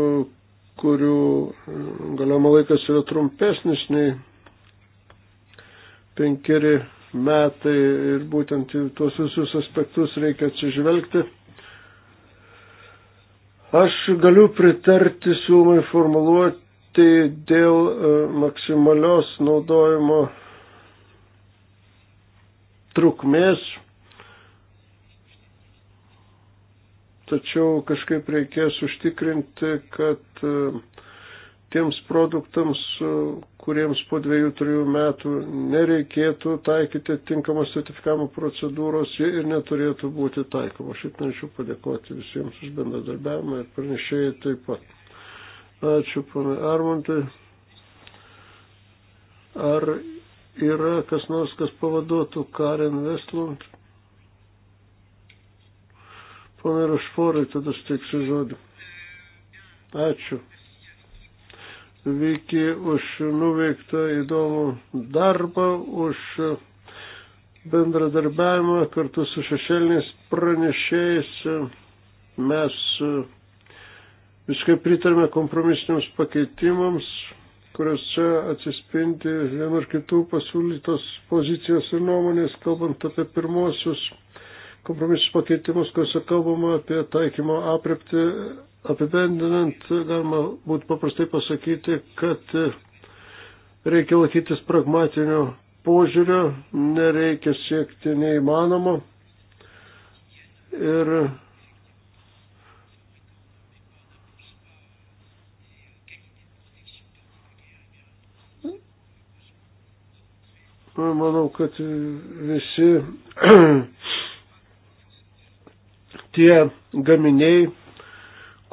kurių galiojimo laikas yra trumpesnis nei penkeri metai ir būtent į tuos visus aspektus reikia atsižvelgti. Aš galiu pritarti siūlomai formuluoti dėl e, maksimalios naudojimo trukmės, tačiau kažkaip reikės užtikrinti, kad e, tiems produktams, kuriems po dviejų, trijų metų nereikėtų taikyti tinkamos sertifikavimo procedūros, ji ir neturėtų būti taikoma. Šit norėčiau padėkoti visiems už bendradarbiavimą ir pranešėjai taip pat. Ačiū, pana Armantai. Ar yra kas nors, kas pavaduotų Karen Vestlund? Pana Rašforai, tada steiksiu žodį. Ačiū. Viki už nuveiktą įdomų darbą, už bendradarbiavimą kartu su šešėliniais pranešėjais. Mes viskai pritarme kompromisiniams pakeitimams, kuriuose atsispinti vienur kitų pasiūlytos pozicijos ir nuomonės, kalbant apie pirmosius kompromisus pakeitimus, kuriuose kalbama apie taikymo aprepti, apibendinant, galima būtų paprastai pasakyti, kad reikia laikytis pragmatinio požiūrio, nereikia siekti neįmanomo. Ir manau, kad visi tie gaminiai,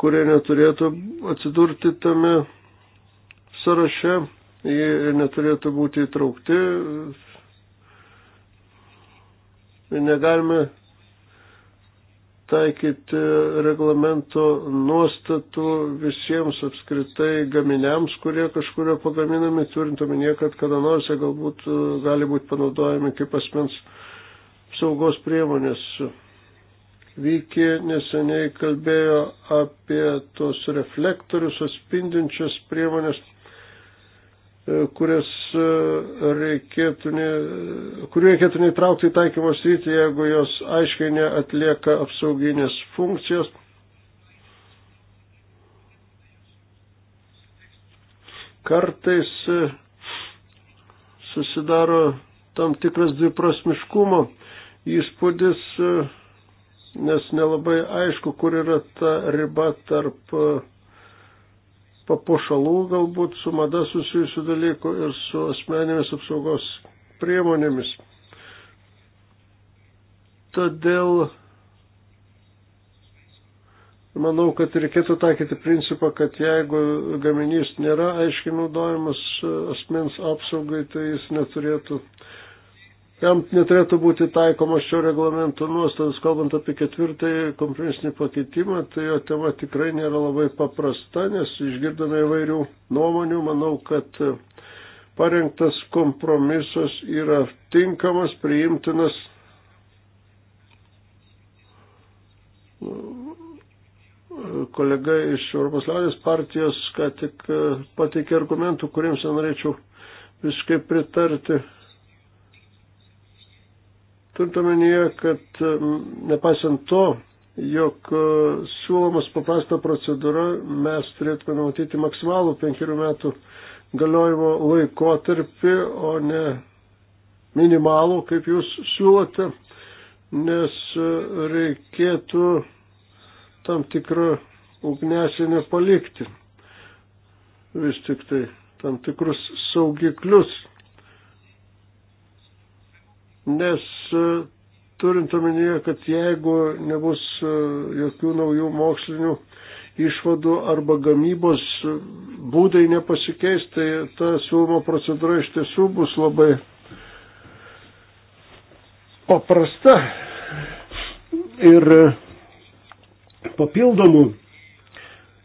kurie neturėtų atsidurti tame sąraše, jie neturėtų būti įtraukti. Negalime taikyti reglamento nuostatų visiems apskritai gaminiams, kurie kažkurio pagaminami, turint omenyje, kad kada nors jie galbūt gali būti panaudojami kaip asmens saugos priemonės. Vykė neseniai kalbėjo apie tos reflektorius atspindinčias priemonės, e, kurias e, reikėtų, ne, kurių reikėtų neįtraukti į taikymo sritį, jeigu jos aiškiai neatlieka apsauginės funkcijos. Kartais e, susidaro tam tikras dviprasmiškumo įspūdis nes nelabai aišku, kur yra ta riba tarp e, papuošalų galbūt su mada susijusių dalykų ir su asmenėmis apsaugos priemonėmis. Todėl manau, kad reikėtų taikyti principą, kad jeigu gaminys nėra aiškiai naudojamas e, asmens apsaugai, tai jis neturėtų uh, jam neturėtų būti taikomas šio reglamento nuostatas, kalbant apie ketvirtąjį kompromisinį pakeitimą, tai jo tema tikrai nėra labai paprasta, nes išgirdome įvairių nuomonių, manau, kad parengtas kompromisas yra tinkamas, priimtinas. Kolega iš Europos liaudės partijos ką tik pateikė argumentų, kuriems norėčiau visiškai pritarti Turint omenyje, kad nepaisant to, jog e, siūlomas paprasta procedūra, mes turėtume numatyti maksimalų penkerių metų galiojimo laikotarpį, o ne minimalų, kaip jūs siūlote, nes e, reikėtų tam tikrą ugnesinę palikti. Vis tik tai tam tikrus saugiklius nes e, turint omenyje, kad jeigu nebus e, jokių naujų mokslinių išvadų arba gamybos e, būdai nepasikeis, tai ta siūlymo procedūra iš tiesų bus labai paprasta ir papildomų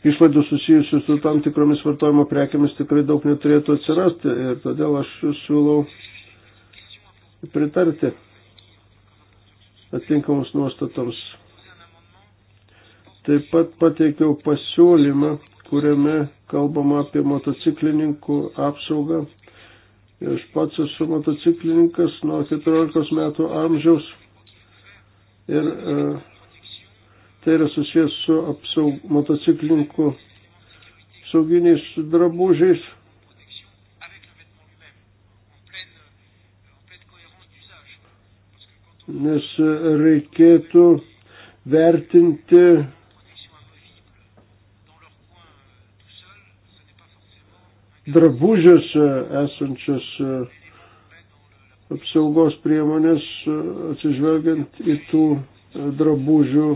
išlaidų susijusių su tam tikromis vartojimo prekiamis tikrai daug neturėtų atsirasti ir todėl aš siūlau pritarti atitinkamus nuostatoms. Taip pat pateikiau pasiūlymą, kuriame kalbama apie motociklininkų apsaugą. Aš pats esu motociklininkas nuo 14 metų amžiaus ir e, tai yra susijęs su apsaug, motociklininkų sauginiais drabužiais nes reikėtų vertinti drabužiuose esančias apsaugos priemonės, atsižvelgiant į tų drabužių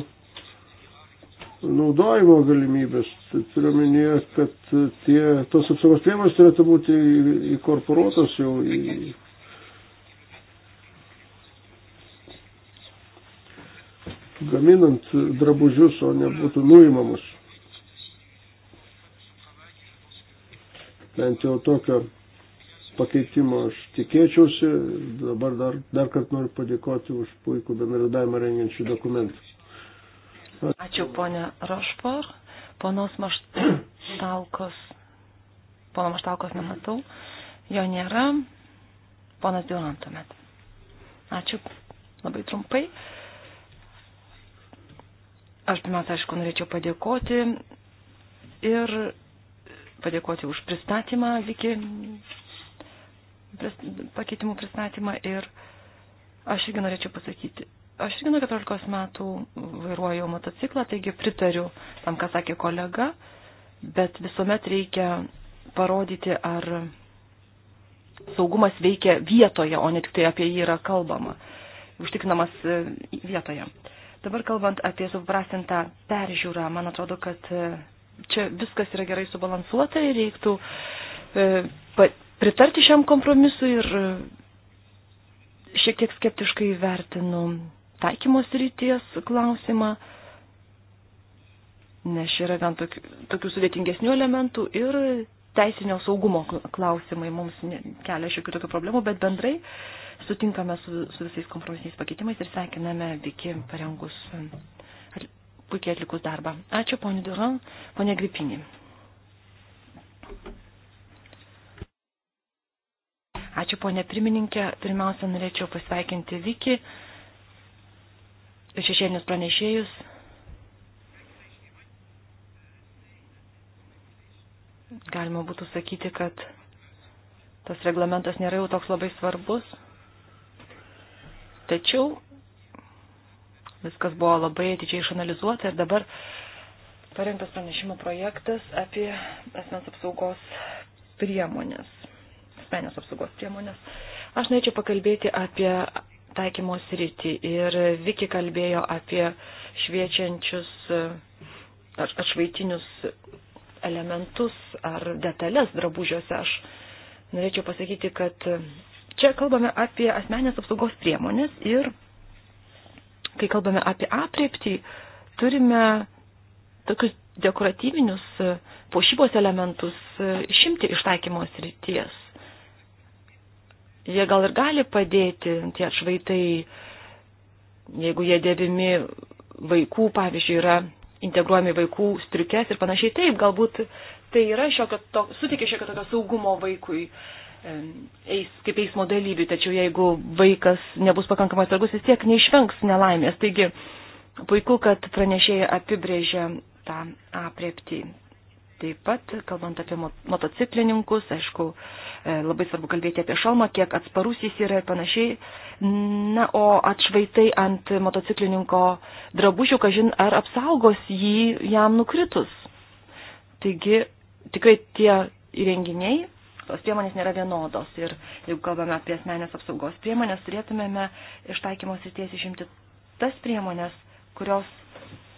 naudojimo galimybės. Tai turiu minėję, kad tie, tos apsaugos priemonės turėtų būti įkorporuotos jau į gaminant drabužius, o nebūtų nuimamus. Bent jau tokio pakeitimo aš tikėčiausi. Dabar dar, dar kartą noriu padėkoti už puikų bendradavimą rengiant šį dokumentą. Ačiū, Ačiū ponė Rošpor. Ponos Maštalkos, pono Maštalkos nematau. Jo nėra. Ponas Dilan tuomet. Ačiū labai trumpai. Aš pirmiausia, aišku, norėčiau padėkoti ir padėkoti už pristatymą, Viki, pakeitimų pristatymą ir aš irgi norėčiau pasakyti. Aš irgi nuo 14 metų vairuoju motociklą, taigi pritariu tam, ką sakė kolega, bet visuomet reikia parodyti, ar saugumas veikia vietoje, o ne tik tai apie jį yra kalbama, užtikrinamas vietoje. Uh, Dabar kalbant apie suprastintą peržiūrą, man atrodo, kad e, čia viskas yra gerai subalansuota ir reiktų e, pritarti šiam kompromisui ir e, šiek tiek skeptiškai vertinu taikymos ryties klausimą, nes yra gan tokių, tokių sudėtingesnių elementų ir teisinio saugumo klausimai mums kelia šiokių tokių problemų, bet bendrai uh, Sutinkame su, su visais kompromisiniais pakeitimais ir sveikiname Viki parengus um, puikiai atlikus darbą. Ačiū, ponė Duran, ponė Gripinė. Ačiū, ponė pirmininkė. Pirmiausia, norėčiau pasveikinti Viki, šešėlinius pranešėjus. Galima būtų sakyti, kad tas reglamentas nėra jau toks labai svarbus, Tačiau viskas buvo labai atidžiai išanalizuota ir dabar parengtas pranešimo projektas apie asmens apsaugos priemonės. Asmenės apsaugos priemonės. Aš norėčiau pakalbėti apie taikymo sritį ir Viki kalbėjo apie šviečiančius ar atšvaitinius elementus ar detalės drabužiuose. Aš norėčiau pasakyti, kad Čia kalbame apie asmenės apsaugos priemonės ir kai kalbame apie apriepti, turime tokius dekoratyvinius e, pošybos elementus e, šimti iš taikymos ryties. Jie gal ir gali padėti tie atšvaitai, jeigu jie dėvimi vaikų, pavyzdžiui, yra integruojami vaikų striukės ir panašiai. Taip, galbūt tai yra šiokio, to, suteikia šiokio tokio saugumo vaikui. Uh, eis, kaip eismo dalyvių, tačiau jeigu vaikas nebus pakankamai atsargus, vis tiek neišvengs nelaimės. Taigi puiku, kad pranešėjai apibrėžia tą apriepti. Taip pat, kalbant apie motociklininkus, aišku, e, labai svarbu kalbėti apie šalmą, kiek atsparus jis yra ir panašiai. Na, o atšvaitai ant motociklininko drabužių, kažin, ar apsaugos jį jam nukritus. Taigi, tikrai tie įrenginiai tos priemonės nėra vienodos ir jeigu kalbame apie asmenės apsaugos priemonės, turėtumėme iš taikymos ryties išimti tas priemonės, kurios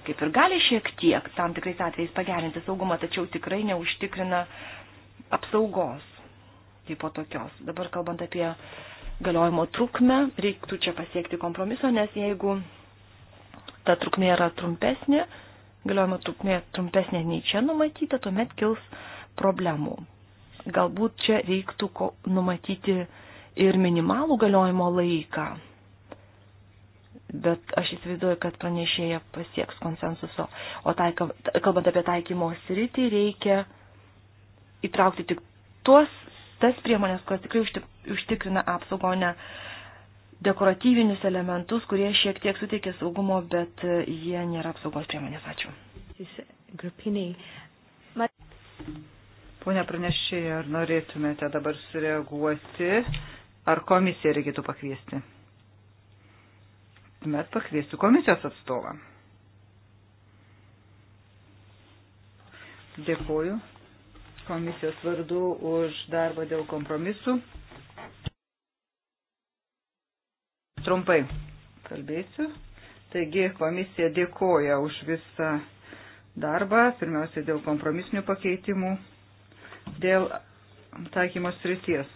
kaip ir gali šiek tiek tam tikrais atvejais pagerinti saugumą, tačiau tikrai neužtikrina apsaugos kaip po tokios. Dabar kalbant apie galiojimo trukmę, reiktų čia pasiekti kompromiso, nes jeigu ta trukmė yra trumpesnė, galiojimo trukmė trumpesnė nei čia numatyta, tuomet kils problemų. Galbūt čia reiktų numatyti ir minimalų galiojimo laiką. Bet aš įsivaizduoju, kad pranešėja pasieks konsensuso. O taika, kalbant apie taikymo sritį, reikia įtraukti tik tuos, tas priemonės, kurios tikrai užtikrina apsaugą, ne dekoratyvinius elementus, kurie šiek tiek suteikia saugumo, bet jie nėra apsaugos priemonės. Ačiū. Grupiniai. Mat... Pone pranešėjai, ar norėtumėte dabar sureaguoti, ar komisiją reikėtų pakviesti? Tuomet pakviesiu komisijos atstovą. Dėkuoju komisijos vardu už darbą dėl kompromisų. Trumpai kalbėsiu. Taigi komisija dėkoja už visą darbą, pirmiausia dėl kompromisinių pakeitimų Dėl taikymo srities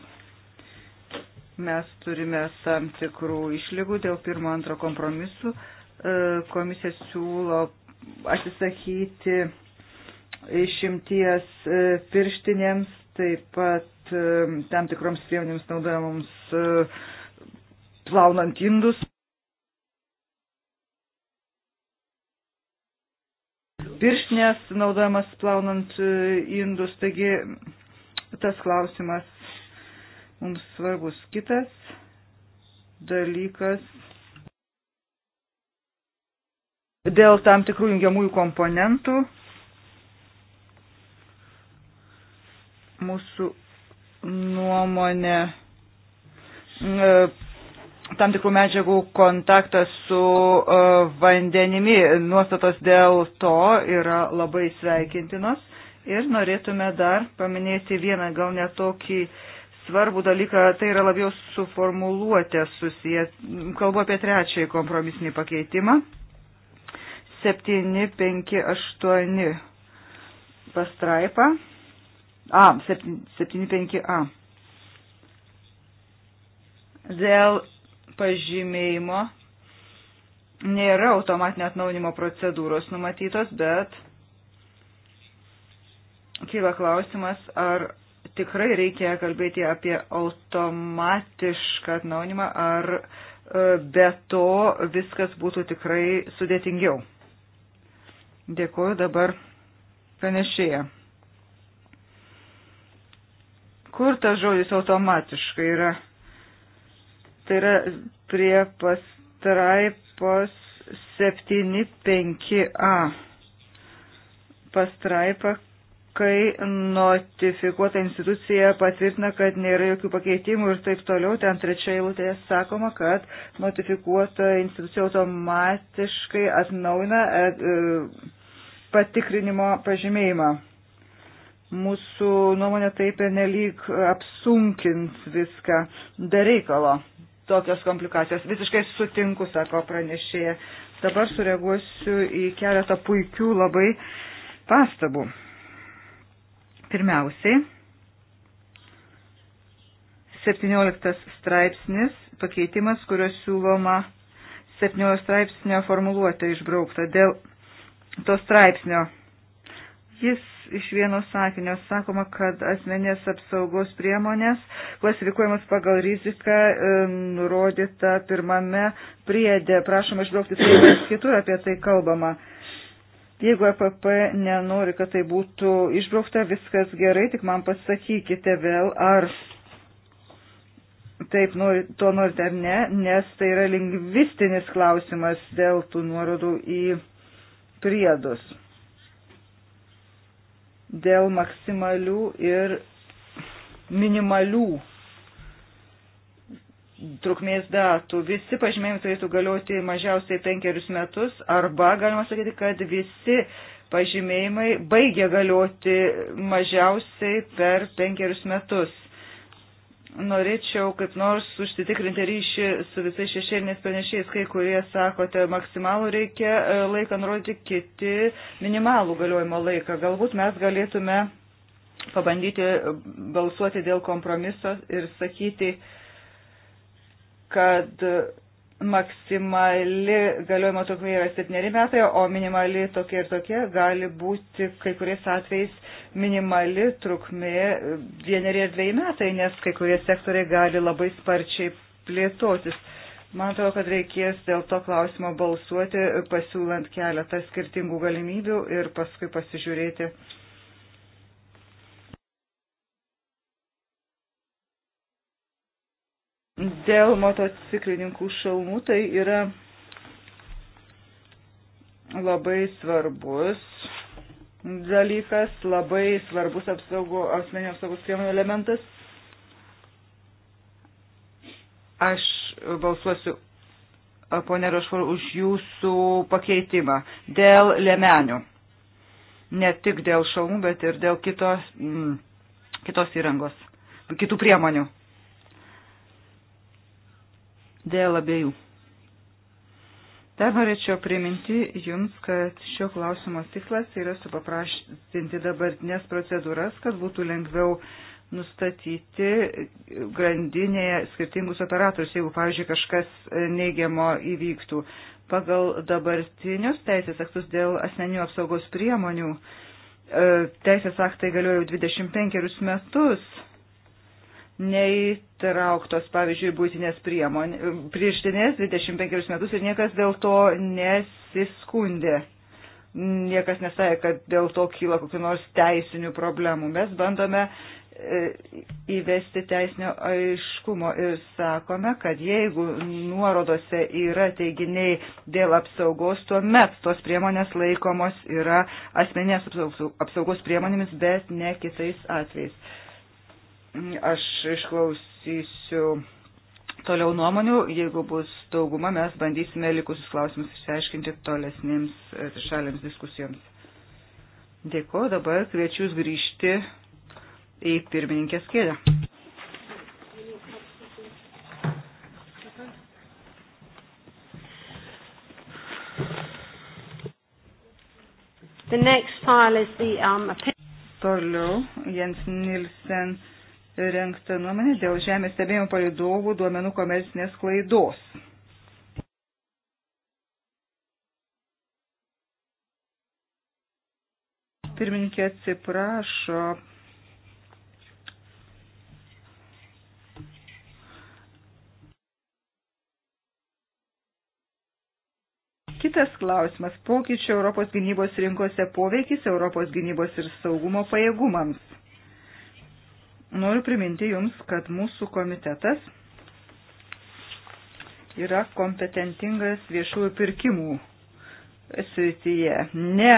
mes turime tam tikrų išlygų dėl pirmo antro kompromisų. E, komisija siūlo atsisakyti išimties e, pirštinėms, taip pat e, tam tikroms priemonėms naudojamoms plaunant indus. pirštinės naudojamas plaunant e, indus, taigi tas klausimas mums svarbus. Kitas dalykas dėl tam tikrų jungiamųjų komponentų mūsų nuomonė e, tam tikrų medžiagų kontaktas su uh, vandenimi. Nuostatos dėl to yra labai sveikintinos. Ir norėtume dar paminėti vieną gal netokį svarbų dalyką, tai yra labiau suformuluotė susijęs. Kalbu apie trečiąjį kompromisinį pakeitimą. 758 pastraipą. A, 7, 75A. Dėl pažymėjimo nėra automatinio atnaunimo procedūros numatytos, bet kyla klausimas, ar tikrai reikia kalbėti apie automatišką atnaunimą, ar e, be to viskas būtų tikrai sudėtingiau. Dėkuoju dabar pranešėja. Kur tas žodis automatiškai yra tai yra prie pastraipos 75a pastraipa, kai notifikuota institucija patvirtina, kad nėra jokių pakeitimų ir taip toliau, ten trečia eilutė sakoma, kad notifikuota institucija automatiškai atnauna e, e, patikrinimo pažymėjimą. Mūsų nuomonė taip ir nelyg apsunkins viską be reikalo tokios komplikacijos. Visiškai sutinku, sako pranešėja. Dabar sureaguosiu į keletą puikių labai pastabų. Pirmiausiai, 17 straipsnis pakeitimas, kurio siūloma 17 straipsnio formuluotė išbraukta dėl to straipsnio jis iš vieno sakinio sakoma, kad asmenės apsaugos priemonės klasifikuojamos pagal riziką e, nurodyta pirmame priedė. Prašoma išbraukti tai, nes kitur apie tai kalbama. Jeigu EPP nenori, kad tai būtų išbraukta, viskas gerai, tik man pasakykite vėl, ar taip nori, to norite ar ne, nes tai yra lingvistinis klausimas dėl tų nuorodų į priedus dėl maksimalių ir minimalių trukmės datų. Visi pažymėjimai turėtų galioti mažiausiai penkerius metus arba galima sakyti, kad visi pažymėjimai baigia galioti mažiausiai per penkerius metus norėčiau kaip nors užsitikrinti ryšį su visais šešėliniais panešiais, kai kurie sakote maksimalų reikia e, laiką nurodyti, kiti minimalų galiojimo laiką. Galbūt mes galėtume pabandyti e, balsuoti dėl kompromiso ir sakyti, kad e, maksimali galiojimo trukmė yra 7 metai, o minimali tokia ir tokia gali būti kai kuriais atvejais minimali trukmė 1 ir 2 metai, nes kai kurie sektoriai gali labai sparčiai plėtotis. Man atrodo, kad reikės dėl to klausimo balsuoti, e, pasiūlant keletą skirtingų galimybių ir paskui pasižiūrėti Dėl motociklininkų šalmų tai yra labai svarbus dalykas, labai svarbus apsaugo, asmenio apsaugos priemonių elementas. Aš balsuosiu, ponė Rašvar, už jūsų pakeitimą dėl lemenių. Ne tik dėl šalmų, bet ir dėl kitos, mm, kitos įrangos, kitų priemonių dėl abiejų. Dar norėčiau priminti Jums, kad šio klausimo tikslas yra supaprastinti dabartinės procedūras, kad būtų lengviau nustatyti grandinėje skirtingus operatorius, jeigu, pavyzdžiui, kažkas neigiamo įvyktų. Pagal dabartinius teisės aktus dėl asmeninių apsaugos priemonių e, teisės aktai galioja 25 metus neįtrauktos, pavyzdžiui, būtinės prieždinės 25 metus ir niekas dėl to nesiskundė. Niekas nesąja, kad dėl to kyla kokiu nors teisinių problemų. Mes bandome e, įvesti teisinio aiškumo ir sakome, kad jeigu nuorodose yra teiginiai dėl apsaugos, tuomet tos priemonės laikomos yra asmenės apsaugos priemonėmis, bet ne kitais atvejais. Aš išklausysiu toliau nuomonių. Jeigu bus dauguma, mes bandysime likusius klausimus išsiaiškinti tolesnėms e, šalėms diskusijoms. Dėkuoju, dabar kviečiu jūs grįžti į pirmininkės kėdę. The next file is the um, Toliau Jens Nilsen renktą nuomonę dėl žemės stebėjimo palidovų duomenų komercinės klaidos. Pirmininkė atsiprašo. Kitas klausimas - pokyčio Europos gynybos rinkose poveikis Europos gynybos ir saugumo pajėgumams. Noriu priminti Jums, kad mūsų komitetas yra kompetentingas viešųjų pirkimų srityje. Ne,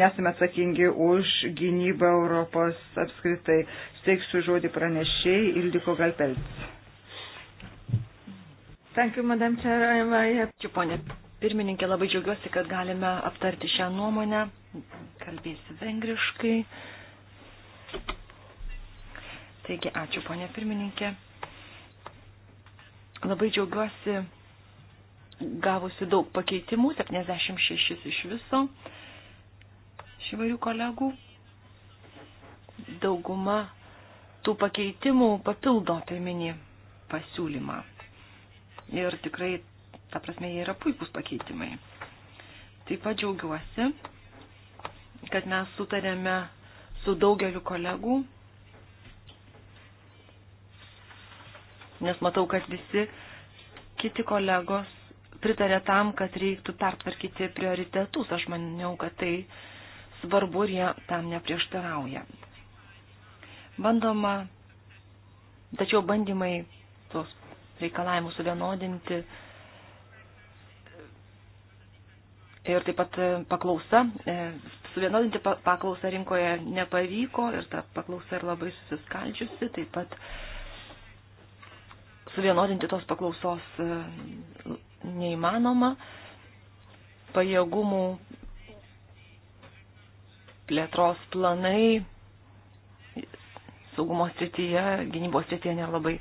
nesame atsakingi už gynybą Europos apskritai. Steiksiu žodį pranešėjai Ildiko Galpelts. Ačiū, madam Čeraimai. Ačiū, ponė pirmininkė, labai džiaugiuosi, kad galime aptarti šią nuomonę. Kalbėsiu vengriškai. Uh, Taigi, ačiū, ponė pirmininkė. Labai džiaugiuosi gavusi daug pakeitimų, 76 iš viso iš įvairių kolegų. Dauguma tų pakeitimų papildo pirminį pasiūlymą. Ir tikrai, ta prasme, jie yra puikūs pakeitimai. Taip pat džiaugiuosi, kad mes sutarėme su daugeliu kolegų nes matau, kad visi kiti kolegos pritarė tam, kad reiktų pertvarkyti prioritetus. Aš maniau, kad tai svarbu ir jie tam neprieštarauja. Bandoma, tačiau bandymai tuos reikalavimus suvienodinti ir taip pat paklausa, e, suvienodinti paklausą rinkoje nepavyko ir ta paklausa ir labai susiskaldžiusi, taip pat suvienodinti tos paklausos e, neįmanoma. Pajėgumų plėtros planai saugumo srityje, gynybos srityje nelabai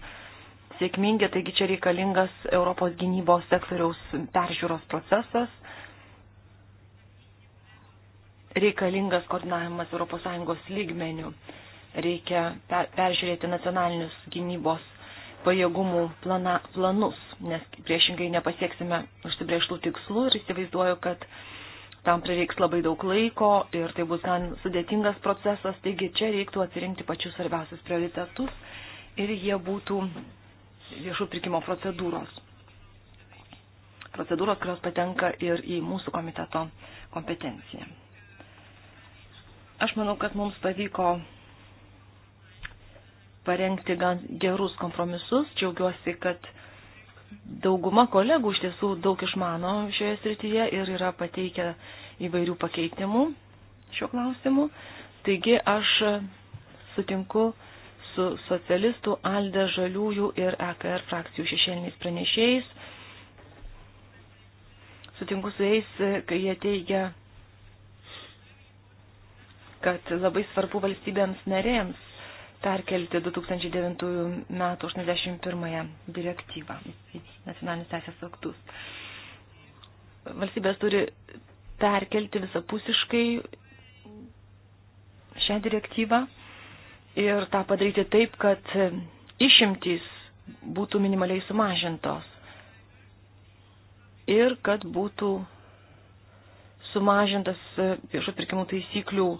sėkmingi, taigi čia reikalingas Europos gynybos sektoriaus peržiūros procesas, reikalingas koordinavimas ES lygmenių, reikia peržiūrėti nacionalinius gynybos pajėgumų plana, planus, nes priešingai nepasieksime užsibrieštų tikslų ir įsivaizduoju, kad tam prireiks labai daug laiko ir tai bus gan sudėtingas procesas, taigi čia reiktų atsirinkti pačius svarbiausius prioritetus ir jie būtų viešų pirkimo procedūros. Procedūros, kurios patenka ir į mūsų komiteto kompetenciją. Aš manau, kad mums pavyko parengti gan gerus kompromisus. Džiaugiuosi, kad dauguma kolegų iš tiesų daug išmano šioje srityje ir yra pateikę įvairių pakeitimų šiuo klausimu. Taigi aš sutinku su socialistų, Alde, Žaliųjų ir EKR frakcijų šešėliniais pranešėjais. Sutinku su jais, kai jie teigia, kad labai svarbu valstybėms narėms perkelti 2009 metų 81 direktyvą į nacionalinius teisės aktus. Valstybės turi perkelti visapusiškai šią direktyvą ir tą padaryti taip, kad išimtys būtų minimaliai sumažintos ir kad būtų sumažintas viešų pirkimų taisyklių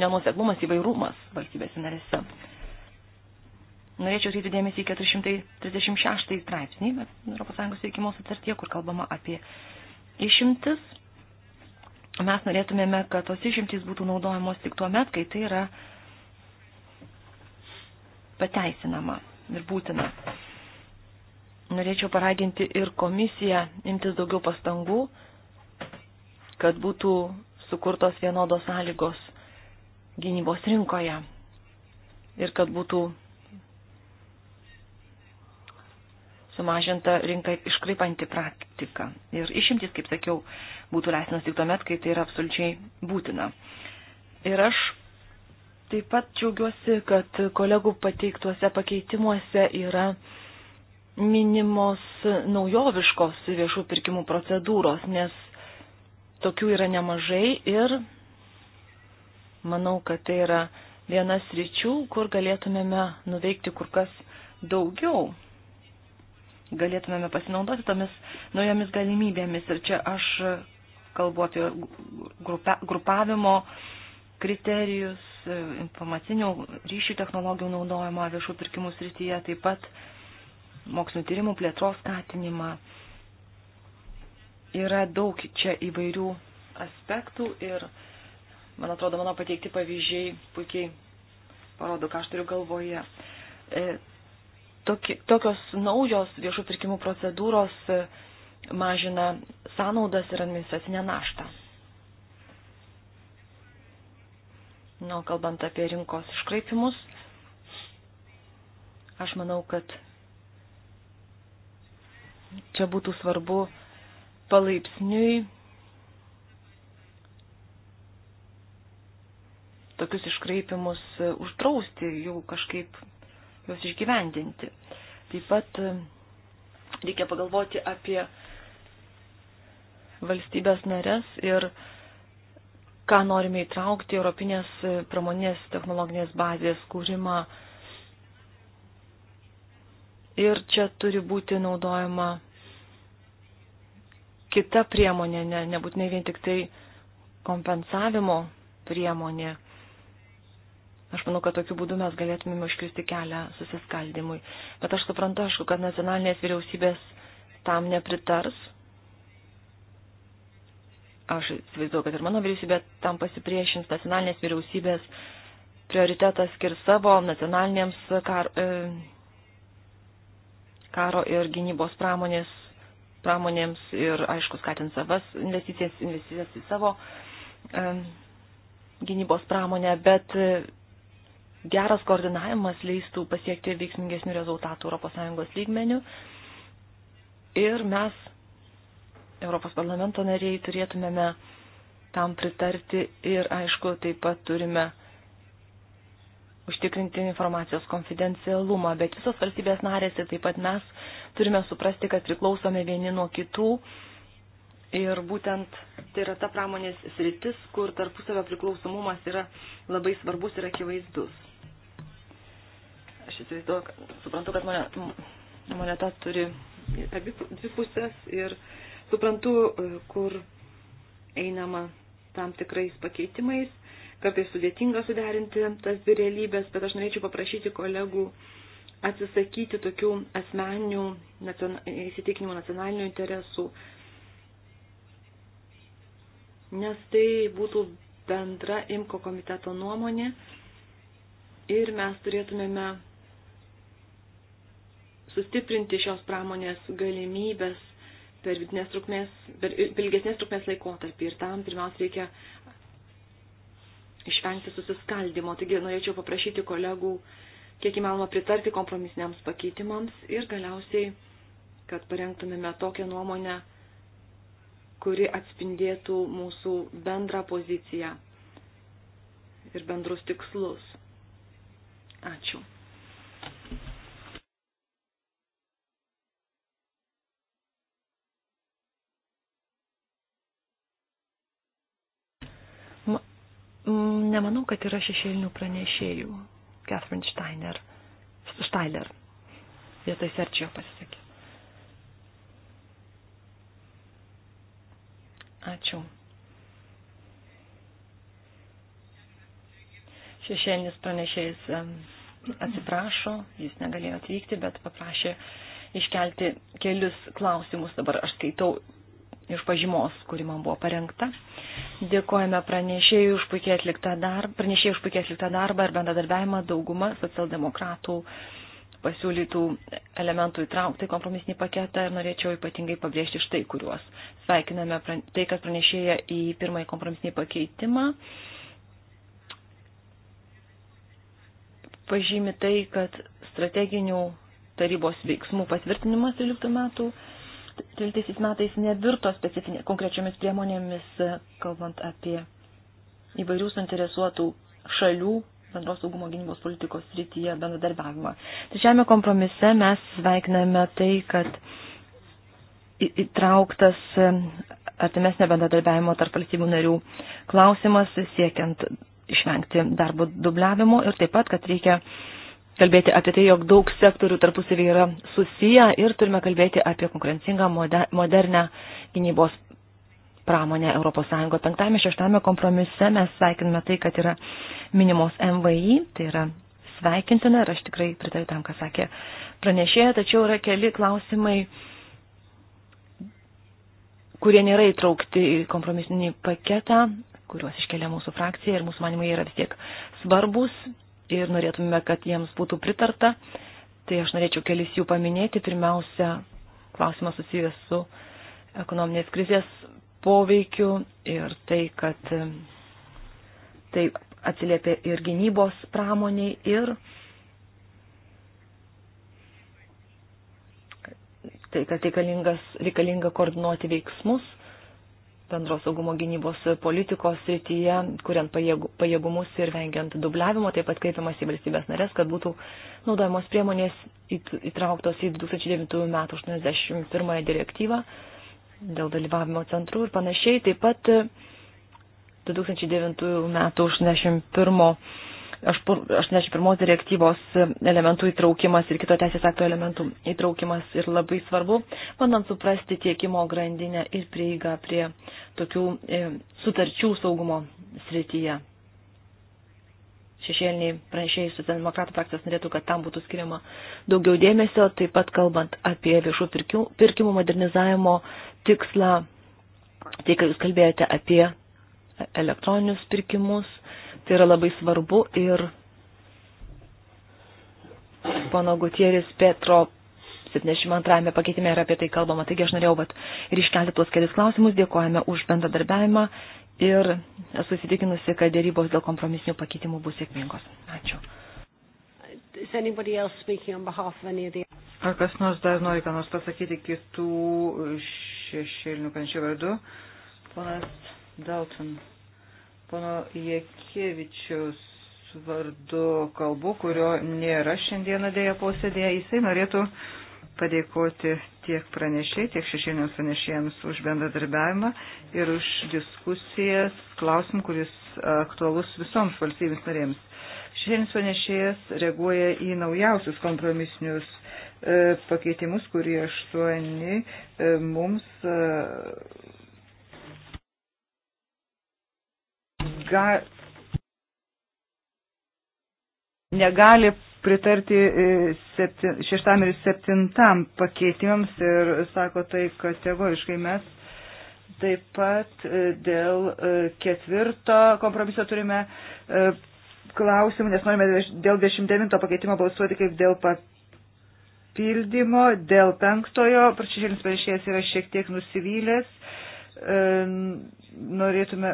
nenuoseklumas įvairumas valstybės narėse. Norėčiau atkreipti dėmesį į 436 straipsnį ES veikimo sutartie, kur kalbama apie išimtis. Mes norėtumėme, kad tos išimtys būtų naudojamos tik tuo met, kai tai yra pateisinama ir būtina. Norėčiau paraginti ir komisiją imtis daugiau pastangų, kad būtų sukurtos vienodos sąlygos gynybos rinkoje ir kad būtų sumažinta rinka iškraipanti praktika. Ir išimtis, kaip sakiau, būtų leisinas tik tuomet, kai tai yra absoliučiai būtina. Ir aš taip pat džiaugiuosi, kad kolegų pateiktuose pakeitimuose yra minimos naujoviškos viešų pirkimų procedūros, nes tokių yra nemažai ir Manau, kad tai yra vienas ryčių, kur galėtumėme nuveikti kur kas daugiau. Galėtumėme pasinaudoti tomis naujomis galimybėmis. Ir čia aš kalbu apie grupę, grupavimo kriterijus, informacinių ryšių technologijų naudojimą viešų pirkimų srityje, taip pat mokslinio tyrimų plėtros skatinimą. Yra daug čia įvairių aspektų ir Man atrodo, mano pateikti pavyzdžiai puikiai parodo, ką aš turiu galvoje. E, tokios naujos viešų pirkimų procedūros e, mažina sąnaudas ir administracinę naštą. Nu, kalbant apie rinkos iškraipimus, aš manau, kad čia būtų svarbu palaipsniui tokius iškraipimus e, uždrausti, jau kažkaip juos išgyvendinti. Taip pat e, reikia pagalvoti apie valstybės narės ir ką norime įtraukti Europinės e, pramonės technologinės bazės kūrimą. Ir čia turi būti naudojama kita priemonė, ne, nebūtinai vien tik tai kompensavimo priemonė. Aš manau, kad tokiu būdu mes galėtumėm užkirsti kelią susiskaldimui. Bet aš suprantu, aišku, kad nacionalinės vyriausybės tam nepritars. Aš įsivaizduoju, kad ir mano vyriausybė tam pasipriešins. Nacionalinės vyriausybės prioritetas skirs savo nacionalinėms kar, e, karo ir gynybos pramonės, pramonėms ir, aišku, skatins savas investicijas, investicijas į savo e, gynybos pramonę, bet e, geras koordinavimas leistų pasiekti veiksmingesnių rezultatų ES lygmenių ir mes, Europos parlamento nariai, turėtumėme tam pritarti ir, aišku, taip pat turime užtikrinti informacijos konfidencialumą, bet visos valstybės narės ir taip pat mes turime suprasti, kad priklausome vieni nuo kitų ir būtent tai yra ta pramonės sritis, kur tarpusavio priklausomumas yra labai svarbus ir akivaizdus įsivaizduoju, suprantu, kad moneta, moneta turi abi dvi pusės ir suprantu, e, kur einama tam tikrais pakeitimais. Kartais sudėtinga suderinti tas dvi realybės, bet aš norėčiau paprašyti kolegų atsisakyti tokių asmeninių nacion... įsitikinimų nacionalinių interesų, nes tai būtų bendra imko komiteto nuomonė ir mes turėtumėme sustiprinti šios pramonės galimybės per, trukmės, per ilgesnės trukmės laikotarpį ir tam pirmiausia reikia išvengti susiskaldimo. Taigi norėčiau paprašyti kolegų, kiek įmanoma pritarti kompromisiniams pakeitimams ir galiausiai, kad parengtumėme tokią nuomonę, kuri atspindėtų mūsų bendrą poziciją ir bendrus tikslus. Ačiū. Mm, nemanau, kad yra šešėlinių pranešėjų. Catherine Steiner. Steiler. Vietoj Serčio pasisakė. Ačiū. Šešėlinis pranešėjas atsiprašo, jis negalėjo atvykti, bet paprašė iškelti kelius klausimus. Dabar aš skaitau iš pažymos, kuri man buvo parengta. Dėkojame pranešėjai už puikiai atliktą darbą, pranešėjai už puikiai atliktą darbą ir bendradarbiavimą daugumą socialdemokratų pasiūlytų elementų įtraukti kompromisinį paketą ir norėčiau ypatingai pabrėžti štai kuriuos. Sveikiname tai, kad pranešėja į pirmąjį kompromisinį pakeitimą. Pažymi tai, kad strateginių tarybos veiksmų patvirtinimas 13 metų 2013 metais nevirto konkrečiomis priemonėmis, e, kalbant apie įvairių suinteresuotų šalių bendros saugumo gynybos politikos srityje bendradarbiavimą. Trečiame tai kompromise mes sveikiname tai, kad įtrauktas e, artimesnė bendradarbiavimo tarp valstybių narių klausimas siekiant išvengti darbo dubliavimo ir taip pat, kad reikia kalbėti apie tai, jog daug sektorių tarpusavį yra susiję ir turime kalbėti apie konkurencingą modernę gynybos pramonę Europos Sąjungo. Penktame, šeštame kompromise mes sveikiname tai, kad yra minimos MVI, tai yra sveikintina ir aš tikrai pritariu tam, ką sakė pranešėja, tačiau yra keli klausimai, kurie nėra įtraukti į kompromisinį paketą, kuriuos iškelia mūsų frakcija ir mūsų manimai yra vis tiek svarbus, ir norėtume, kad jiems būtų pritarta. Tai aš norėčiau kelis jų paminėti. Pirmiausia, klausimas susijęs su ekonominės krizės poveikiu ir tai, kad e, tai atsiliepia ir gynybos pramoniai ir tai, kad reikalingas, reikalinga koordinuoti veiksmus bendros saugumo gynybos politikos srityje, kuriant pajėgumus ir vengiant dubliavimo, taip pat kreipiamas į valstybės narės, kad būtų naudojamos priemonės įtrauktos į 2009 m. 81 direktyvą dėl dalyvavimo centrų ir panašiai. Taip pat 2009 m. 81 81 direktyvos elementų įtraukimas ir kito teisės akto elementų įtraukimas ir labai svarbu, bandant suprasti tiekimo grandinę ir prieigą prie tokių e, sutarčių saugumo srityje. Šešėliniai pranešėjai socialdemokratų frakcijos norėtų, kad tam būtų skiriama daugiau dėmesio, taip pat kalbant apie viešų pirkimų modernizavimo tikslą, tai, ką jūs kalbėjote apie elektroninius pirkimus, Tai yra labai svarbu ir pono Gutieris Petro 72 pakeitime yra apie tai kalbama. Taigi aš norėjau vat, ir iškelti tuos kelis klausimus. Dėkojame už bendradarbiavimą ir esu įsitikinusi, kad dėrybos dėl kompromisinių pakeitimų bus sėkmingos. Ačiū. Ar kas nors dar nori ką nors pasakyti kitų šešėlinių kančių vardu? Ponas Dalton pono Jekievičius vardu kalbu, kurio nėra šiandieną dėja posėdėje. Jisai norėtų padėkoti tiek pranešiai, tiek šešėniams pranešėjams už bendradarbiavimą ir už diskusijas klausim, kuris aktualus visoms valstybėms narėms. Šešėnis pranešėjas reaguoja į naujausius kompromisinius e, pakeitimus, kurie aštuoni e, mums. E, ga, negali pritarti e, septin, šeštam ir septintam pakeitimams ir sako tai kategoriškai mes. Taip pat e, dėl e, ketvirto kompromiso turime klausimų, nes norime dėl 29 pakeitimo balsuoti kaip dėl papildymo, dėl penktojo, prašyžinis pranešėjas yra šiek tiek nusivylęs, norėtume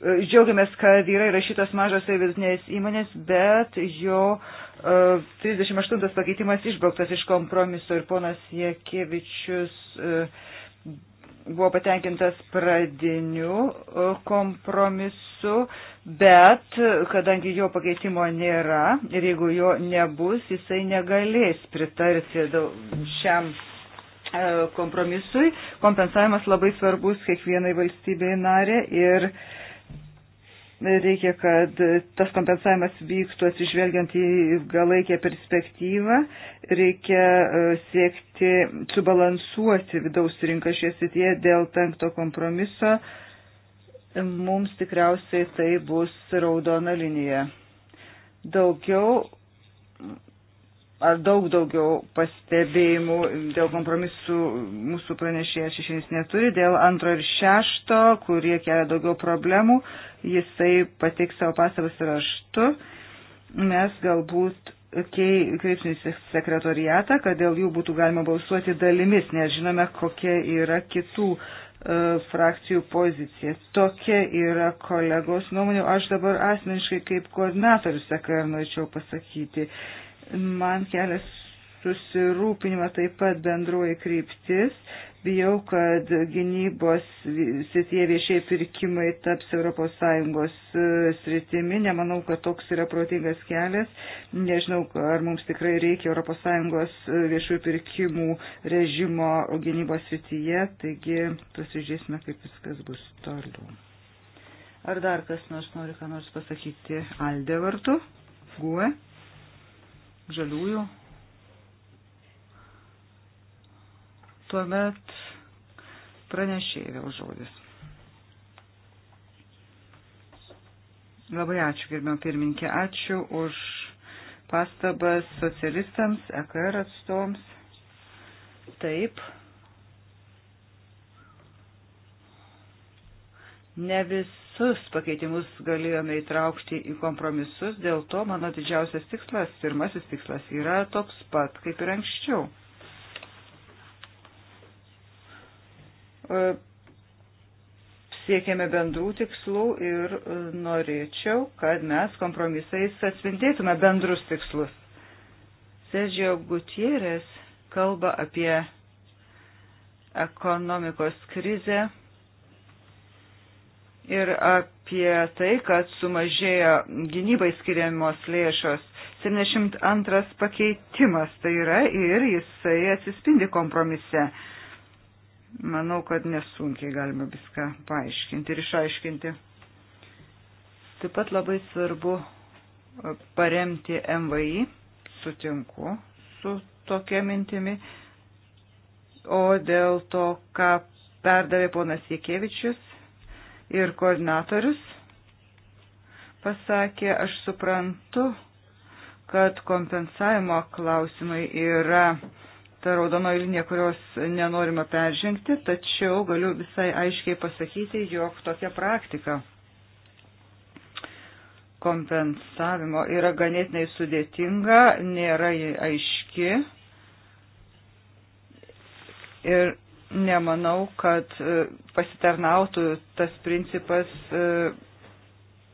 Džiaugiamės, kad yra įrašytos mažos ir vidutinės įmonės, bet jo 38 e, pakeitimas išbrauktas iš kompromiso ir ponas Jekievičius e, buvo patenkintas pradiniu e, kompromisu, bet kadangi jo pakeitimo nėra ir jeigu jo nebus, jisai negalės pritarti šiam kompromisui. Kompensavimas labai svarbus kiekvienai valstybei narė ir uh, Reikia, kad tas kompensavimas vyktų atsižvelgiant į ilgalaikę perspektyvą. Reikia e, siekti subalansuoti vidaus rinką šioje srityje dėl penkto kompromiso. Mums tikriausiai tai bus raudona linija. Daugiau ar daug daugiau pastebėjimų dėl kompromisų mūsų pranešėjas šešėlis neturi, dėl antro ir šešto, kurie kelia daugiau problemų, jisai pateiks savo pastabas raštu. Mes galbūt kreipsimės į sekretoriatą, kad dėl jų būtų galima balsuoti dalimis, nes žinome, kokia yra kitų e, frakcijų pozicija. Tokia yra kolegos nuomonė. Aš dabar asmeniškai kaip koordinatorius, ką ir norėčiau pasakyti. Uh, Man kelias susirūpinimą taip pat bendroji kryptis. Bijau, kad gynybos srityje viešiai pirkimai taps ES e, sritimi. Nemanau, kad toks yra protingas kelias. Nežinau, ar mums tikrai reikia ES e, viešųjų pirkimų režimo gynybos srityje. Taigi, pasižiūrėsime, kaip viskas bus toliau. Ar dar kas nors nori ką nors pasakyti Alde vartu? Gue? žaliųjų. Tuomet pranešėjai vėl žodis. Labai ačiū, gerbiam pirminkė. Ačiū už pastabas socialistams, EKR atstovams. Taip. Ne vis visus pakeitimus galėjome įtraukti į kompromisus, dėl to mano didžiausias tikslas, pirmasis tikslas yra toks pat kaip ir anksčiau. E, Siekėme bendrų tikslų ir e, norėčiau, kad mes kompromisais atspindėtume bendrus tikslus. Sergio Gutierrez kalba apie ekonomikos krizę ir apie tai, kad sumažėjo gynybai skiriamos lėšos. 72 pakeitimas tai yra ir jisai atsispindi kompromise. Manau, kad nesunkiai galima viską paaiškinti ir išaiškinti. Taip pat labai svarbu paremti MVI, sutinku su tokia mintimi. O dėl to, ką perdavė ponas Jekievičius, ir koordinatorius pasakė, aš suprantu, kad kompensavimo klausimai yra ta raudono linija, kurios nenorima peržengti, tačiau galiu visai aiškiai pasakyti, jog tokia praktika kompensavimo yra ganėtinai sudėtinga, nėra aiški ir nemanau, kad e, pasitarnautų tas principas e,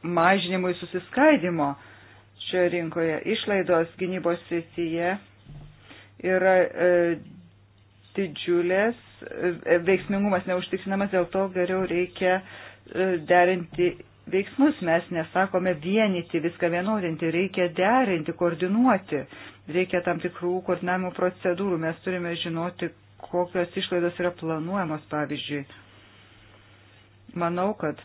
mažinimui susiskaidimo šioje rinkoje. Išlaidos gynybos srityje yra e, didžiulės, veiksmingumas neužtikrinamas, dėl to geriau reikia derinti veiksmus. Mes nesakome vienyti, viską vienodinti, reikia derinti, koordinuoti, reikia tam tikrų koordinavimo procedūrų. Mes turime žinoti, kokios išlaidos yra planuojamos, pavyzdžiui. Manau, kad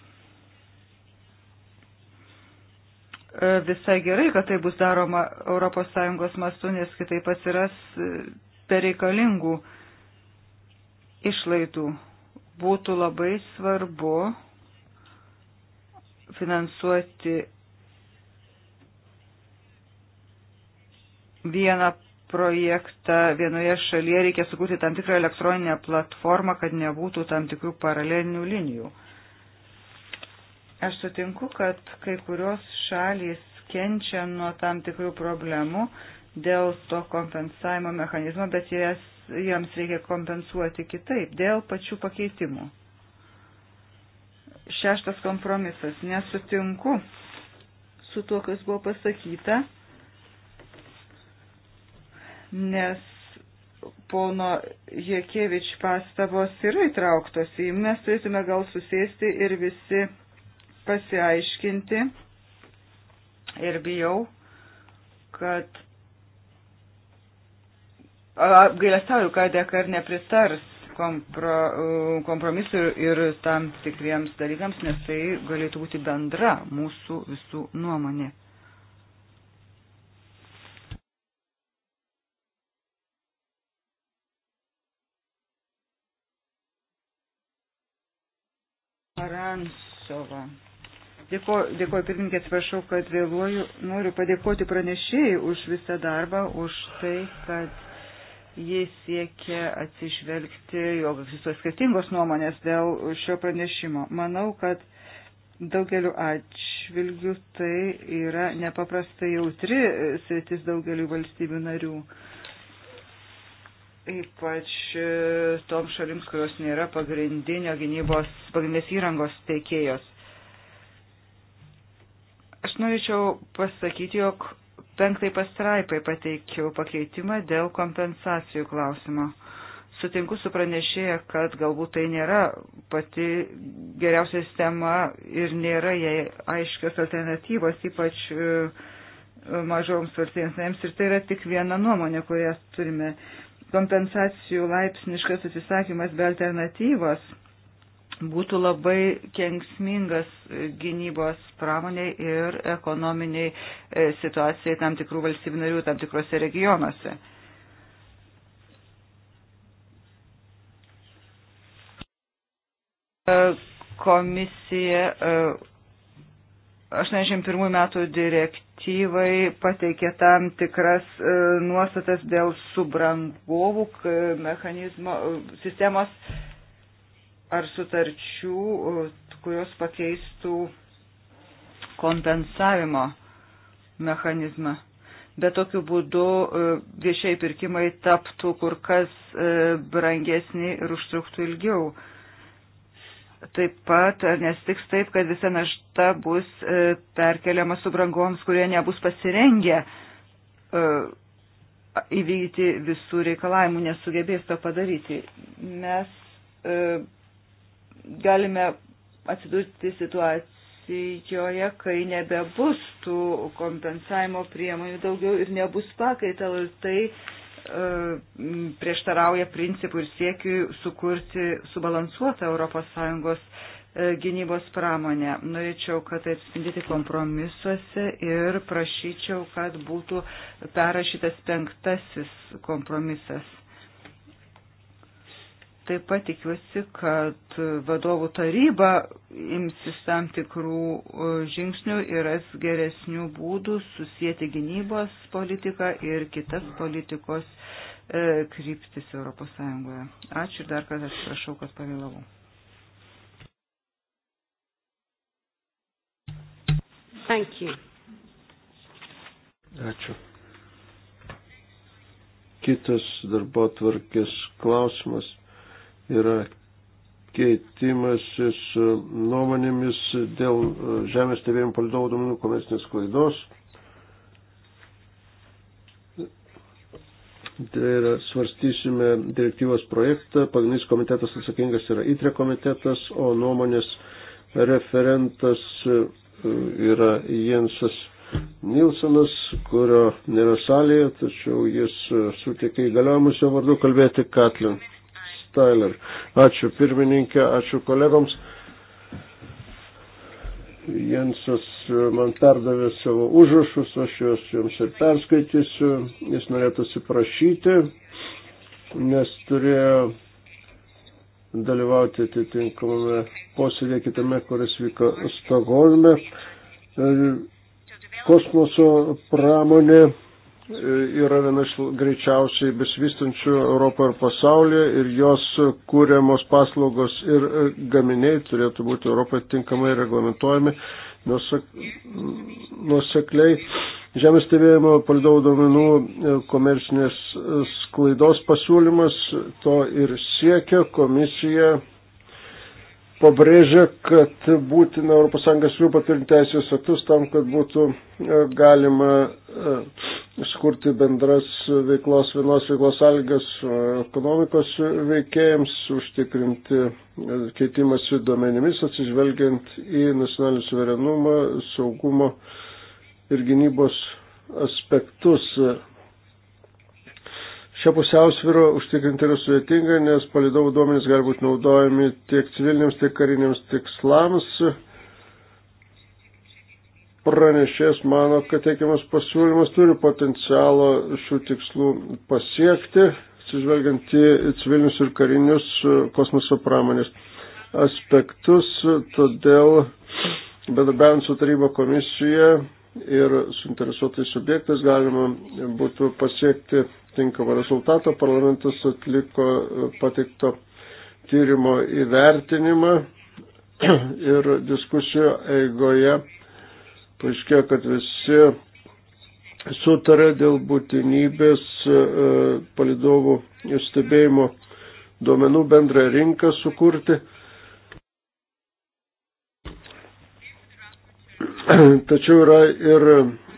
e, visai gerai, kad tai bus daroma ES mastu, nes kitaip atsiras pereikalingų e, išlaidų. Būtų labai svarbu finansuoti vieną projektą vienoje šalyje reikia sukurti tam tikrą elektroninę platformą, kad nebūtų tam tikrų paralelinių linijų. Aš sutinku, kad kai kurios šalys kenčia nuo tam tikrų problemų dėl to kompensavimo mechanizmo, bet jas, jiems reikia kompensuoti kitaip, dėl pačių pakeitimų. Šeštas kompromisas. Nesutinku su tuo, kas buvo pasakyta nes pono Jekievič pastabos yra įtrauktos į. Mes turėtume gal susėsti ir visi pasiaiškinti. Ir bijau, kad apgailestauju, kad Dekar nepritars kompro, kompromisų ir tam tikriems dalykams, nes tai galėtų būti bendra mūsų visų nuomonė. Hansova. Dėkuoju, dėkuoju pirmininkė, atsiprašau, kad vėluoju. Noriu padėkoti pranešėjai už visą darbą, už tai, kad jis siekia atsižvelgti, jog visos skirtingos nuomonės dėl šio pranešimo. Manau, kad daugeliu atžvilgių tai yra nepaprastai jautri sritis daugeliu valstybių narių ypač e, toms šalims, kurios nėra pagrindinio gynybos, pagrindinės įrangos teikėjos. Aš norėčiau pasakyti, jog penktai pastraipai pateikiau pakeitimą dėl kompensacijų klausimo. Sutinku su pranešėja, kad galbūt tai nėra pati geriausia sistema ir nėra jai aiškios alternatyvos, ypač e, mažoms valstybėms narėms. Ir tai yra tik viena nuomonė, kurią turime kompensacijų laipsniškas atsisakymas be alternatyvos būtų labai kenksmingas gynybos pramoniai ir ekonominiai e, situacijai tam tikrų valstybių narių tam tikrose regionuose. E, komisija e, 81 metų direktyvai pateikė tam tikras e, nuostatas dėl subrangovų mechanizmo e, sistemos ar sutarčių, e, kurios pakeistų kompensavimo mechanizmą. Bet tokiu būdu viešiai pirkimai taptų kur kas brangesni ir užtruktų ilgiau. Taip pat, ar nestiks taip, kad visa našta bus e, perkeliama subrangoms, kurie nebus pasirengę e, įvykdyti visų reikalavimų, nesugebės to padaryti. Mes e, galime atsidurti situacijoje, kai nebebus tų kompensavimo priemonių daugiau ir nebus pakaitalų ir tai E, prieštarauja principui ir siekiui sukurti subalansuotą ES e, gynybos pramonę. Norėčiau, kad tai atspindėti kompromisuose ir prašyčiau, kad būtų perrašytas penktasis kompromisas taip pat tikiuosi, kad vadovų taryba imsis tam tikrų e, žingsnių ir ras geresnių būdų susijęti gynybos politiką ir kitas politikos e, kryptis ES. Ačiū ir dar kartą atsiprašau, kad pavėlavau. Thank you. Ačiū. Kitas darbo tvarkės klausimas yra keitimasis nuomonėmis dėl e, žemės stebėjimo palidovų duomenų komercinės klaidos. Tai yra, svarstysime direktyvos projektą, pagrindinis komitetas atsakingas yra ITRE komitetas, o nuomonės referentas e, yra Jensas Nilsonas, kurio nėra salėje, tačiau jis e, suteikia įgaliojimus jo vardu kalbėti Katlin. Styler. Ačiū pirmininkė, ačiū kolegoms. Jensas e, man perdavė savo užrašus, aš juos jums ir perskaitysiu. Jis norėtų atsiprašyti, nes turėjo dalyvauti atitinkamame posėdėje kitame, kuris vyko Stokholme. E, kosmoso pramonė yra viena iš greičiausiai besivystančių Europoje ir pasaulyje ir jos kūriamos paslaugos ir e, gaminiai turėtų būti Europoje tinkamai reglamentojami nusekliai. Žemės stebėjimo palidovų duomenų e, komercinės e, sklaidos pasiūlymas to ir siekia. Komisija pabrėžia, kad būtina ES jų patvirtinti teisės aktus tam, kad būtų e, galima e, skurti bendras veiklos, vienos veiklos sąlygas e, ekonomikos veikėjams, užtikrinti keitimąsi duomenimis, atsižvelgiant į nacionalinį suverenumą, saugumo ir gynybos aspektus Šią pusiausvyrą užtikrinti yra sudėtinga, nes palidovų duomenys gali būti naudojami tiek civiliniams, tiek kariniams tikslams. Pranešės mano, kad teikiamas pasiūlymas turi potencialo šių tikslų pasiekti, atsižvelgiant į civilinius ir karinius kosmoso pramonės aspektus, todėl bendrabiavant su taryba komisija ir suinteresuotais subjektais galima būtų pasiekti tinkamą rezultatą. Parlamentas atliko e, pateikto tyrimo įvertinimą ir diskusijų eigoje paaiškėjo, kad visi sutarė dėl būtinybės e, palidovų stebėjimo duomenų bendrą rinką sukurti. Tačiau yra ir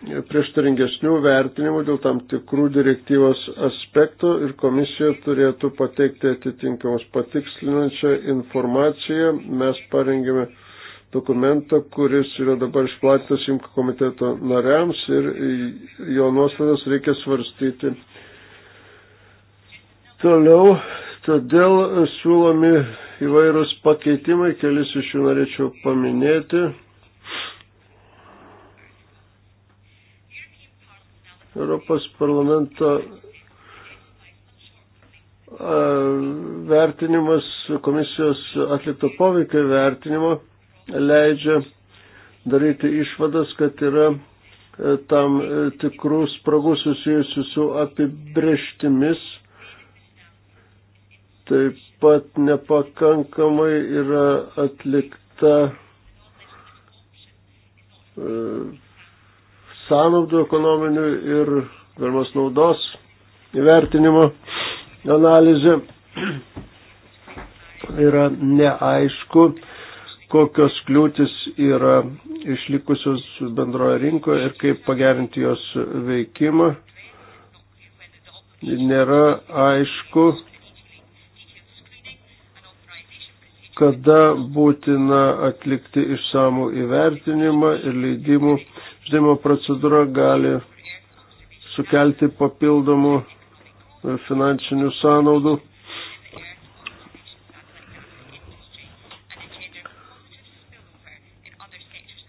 prieštaringesnių vertinimų dėl tam tikrų direktyvos aspektų ir komisija turėtų pateikti atitinkamos patikslinančią informaciją. Mes parengėme dokumentą, kuris yra dabar išplatytas imko komiteto nariams ir jo nuostatas reikia svarstyti. Toliau, todėl siūlomi įvairūs pakeitimai, kelis iš jų norėčiau paminėti. Europos parlamento vertinimas, komisijos atlikto poveikio vertinimo leidžia daryti išvadas, kad yra e, tam e, tikrų spragų susijusių su apibrieštimis. Taip pat nepakankamai yra atlikta e, sąnaudų ekonominių ir galimos naudos įvertinimo analizė yra neaišku, kokios kliūtis yra išlikusios bendroje rinkoje ir kaip pagerinti jos veikimą. Nėra aišku, kada būtina atlikti išsamų įvertinimą ir leidimų Žinoma, procedūra gali sukelti papildomų e, finansinių sąnaudų.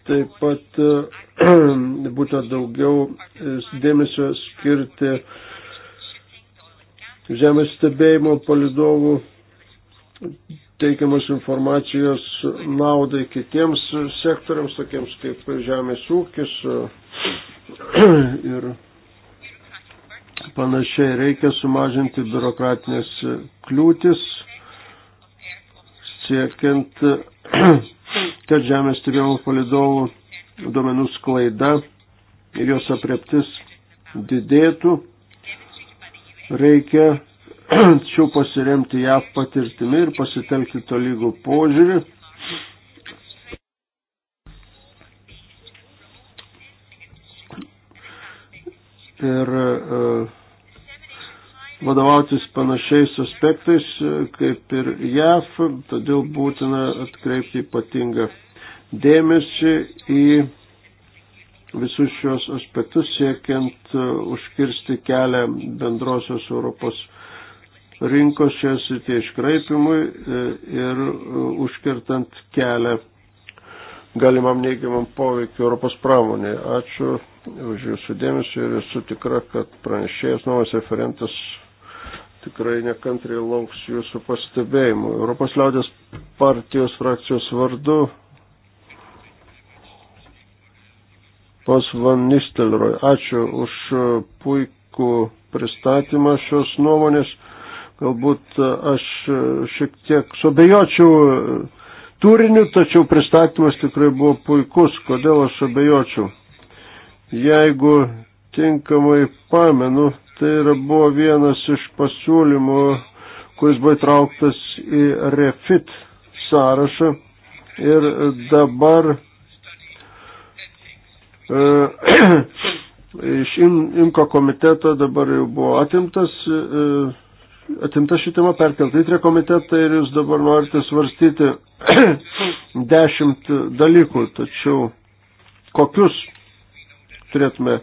Taip pat e, būtų daugiau e, dėmesio skirti žemės stebėjimo palidovų teikiamos informacijos naudai kitiems sektoriams, tokiems kaip žemės ūkis ir panašiai. Reikia sumažinti biurokratinės kliūtis, siekiant, kad žemės stebėjimo palidovų duomenų sklaida ir jos apreptis didėtų. Reikia tačiau pasiremti ją patirtimi ir pasitelkti tolygų požiūrį. Ir e, vadovautis panašiais aspektais e, kaip ir JAF, todėl būtina atkreipti ypatingą dėmesį į visus šios aspektus siekiant e, užkirsti kelią bendrosios Europos rinkos šioje srityje iškraipimui e, ir e, užkirtant kelią galimam neigiamam poveikiu Europos pramonėje. Ačiū už Jūsų dėmesį ir esu tikra, kad pranešėjas naujas referentas tikrai nekantriai lauks Jūsų pastebėjimų. Europos liaudės partijos frakcijos vardu. Pas Van Nistelroj, ačiū už puikų pristatymą šios nuomonės. Galbūt e, aš e, šiek tiek sobejočiau e, turiniu, tačiau pristatymas tikrai buvo puikus. Kodėl aš abejočiau? Jeigu tinkamai pamenu, tai yra buvo vienas iš pasiūlymų, kuris buvo įtrauktas į refit sąrašą ir dabar e, iš Imko komiteto dabar jau buvo atimtas e, atimta ši tema perkelta į komitetą ir jūs dabar norite svarstyti dešimt dalykų, tačiau kokius turėtume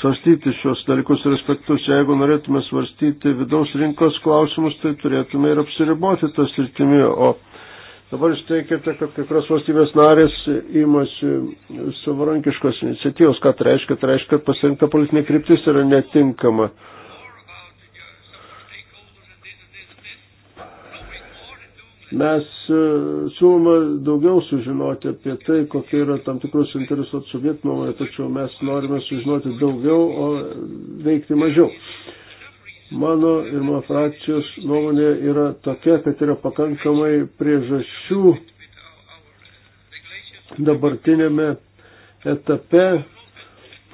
svarstyti šios dalykus ir aspektus. Jeigu norėtume svarstyti vidaus rinkos klausimus, tai turėtume ir apsiriboti tas rytimi, o dabar jūs teikėte, kad kai kurios valstybės narės įmasi savarankiškos iniciatyvos, ką tai reiškia, tai reiškia, kad pasirinkta politinė kryptis yra netinkama. Mes e, siūlome daugiau sužinoti apie tai, kokie yra tam tikrus interesuotų subjektų nuomonė, tačiau mes norime sužinoti daugiau, o veikti mažiau. Mano ir mano frakcijos nuomonė yra tokia, kad yra pakankamai priežasčių dabartinėme etape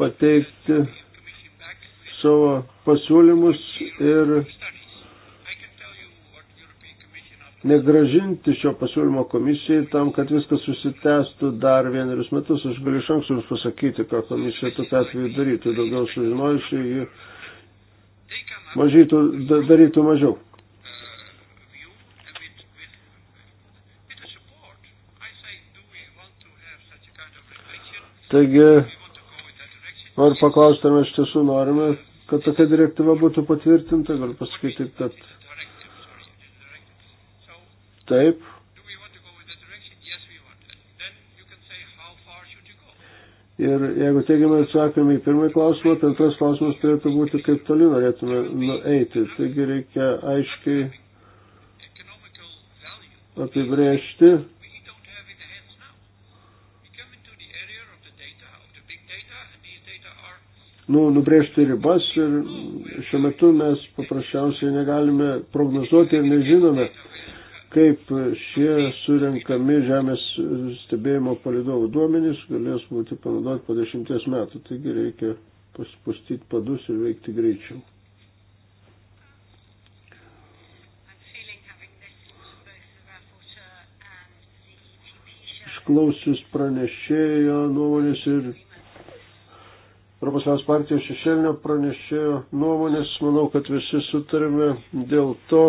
pateikti savo pasiūlymus ir negražinti šio pasiūlymo komisijai tam, kad viskas susitęstų dar vienerius metus. Aš galiu iš anksto jums pasakyti, ką komisija tokiu atveju darytų. Daugiau sužinojusi, ji mažytų, darytų mažiau. Taigi, noriu paklausti, ar mes iš tiesų norime, kad tokia direktyva būtų patvirtinta, galiu pasakyti, kad Taip. Ir jeigu teigiamai atsakome į pirmąjį klausimą, tai antras klausimas turėtų būti, kaip toli norėtume nueiti. Taigi reikia aiškiai apibrėžti nu, nubrėžti ribas ir šiuo metu mes paprasčiausiai negalime prognozuoti ir nežinome, kaip šie surinkami žemės stebėjimo palidovų duomenys galės būti panaudoti po dešimties metų. Taigi reikia paspustyti padus ir veikti greičiau. Išklausius pranešėjo nuomonės ir Europos Liaudės partijos šešėlinio pranešėjo nuomonės. Manau, kad visi sutarėme dėl to,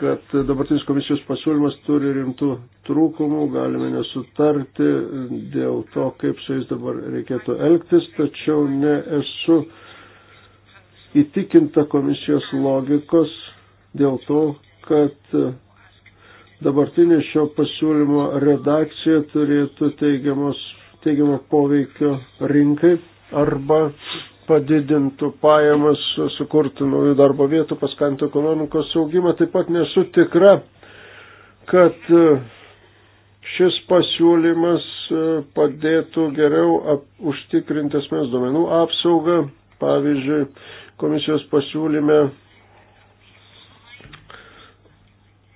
kad dabartinis komisijos pasiūlymas turi rimtų trūkumų, galime nesutarti dėl to, kaip su jais dabar reikėtų elgtis, tačiau nesu įtikinta komisijos logikos dėl to, kad dabartinė šio pasiūlymo redakcija turėtų teigiamos, teigiamo poveikio rinkai arba padidintų pajamas, sukurtų naujų darbo vietų, paskantų ekonomikos saugimą. Taip pat nesu tikra, kad e, šis pasiūlymas e, padėtų geriau ap, užtikrinti asmens duomenų apsaugą. Pavyzdžiui, komisijos pasiūlyme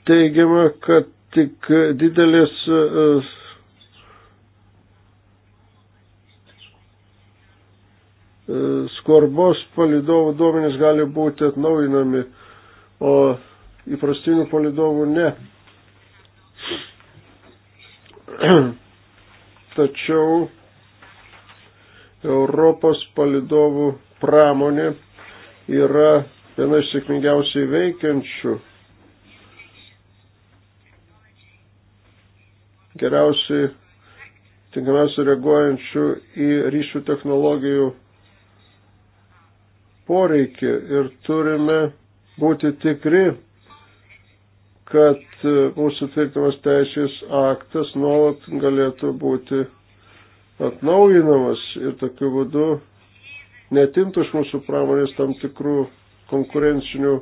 teigiama, kad tik didelės e, E, skvarbos palidovų duomenys gali būti atnaujinami, o įprastinių palidovų ne. Tačiau Europos palidovų pramonė yra viena iš sėkmingiausiai veikiančių, geriausiai, tinkamiausiai reaguojančių į ryšių technologijų poreikį ir turime būti tikri, kad e, mūsų tvirtinamas teisės aktas nuolat galėtų būti atnaujinamas ir tokiu būdu netimtų iš mūsų pramonės tam tikrų konkurencinių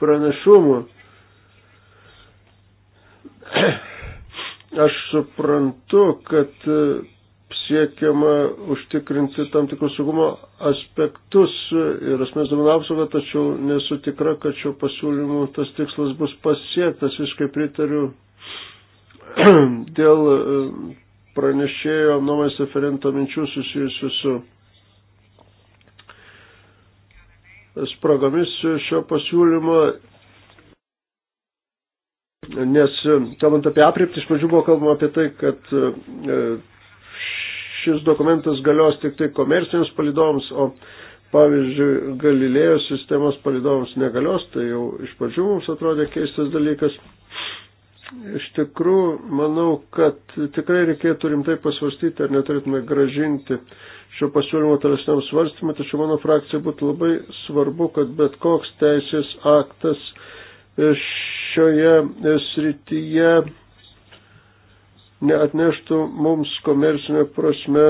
pranašumų. Aš suprantu, kad e, siekiama užtikrinti tam tikrus saugumo aspektus ir asmens duomenų apsaugą, tačiau nesu tikra, kad šio pasiūlymu tas tikslas bus pasiektas. Visiškai pritariu dėl e, pranešėjo nuomės referento minčių susijusių su spragomis šio pasiūlymo nes e, kalbant apie apriepti, iš pradžių buvo kalbama apie tai, kad e, šis dokumentas galios tik tai komerciniams palidovams, o pavyzdžiui, Galilėjo sistemos palidovams negalios, tai jau iš pradžių mums atrodė keistas dalykas. Iš tikrųjų, manau, kad tikrai reikėtų rimtai pasvarstyti, ar neturėtume gražinti šio pasiūlymo tolesniam svarstymui, tačiau mano frakcija būtų labai svarbu, kad bet koks teisės aktas šioje srityje neatneštų mums komercinė prasme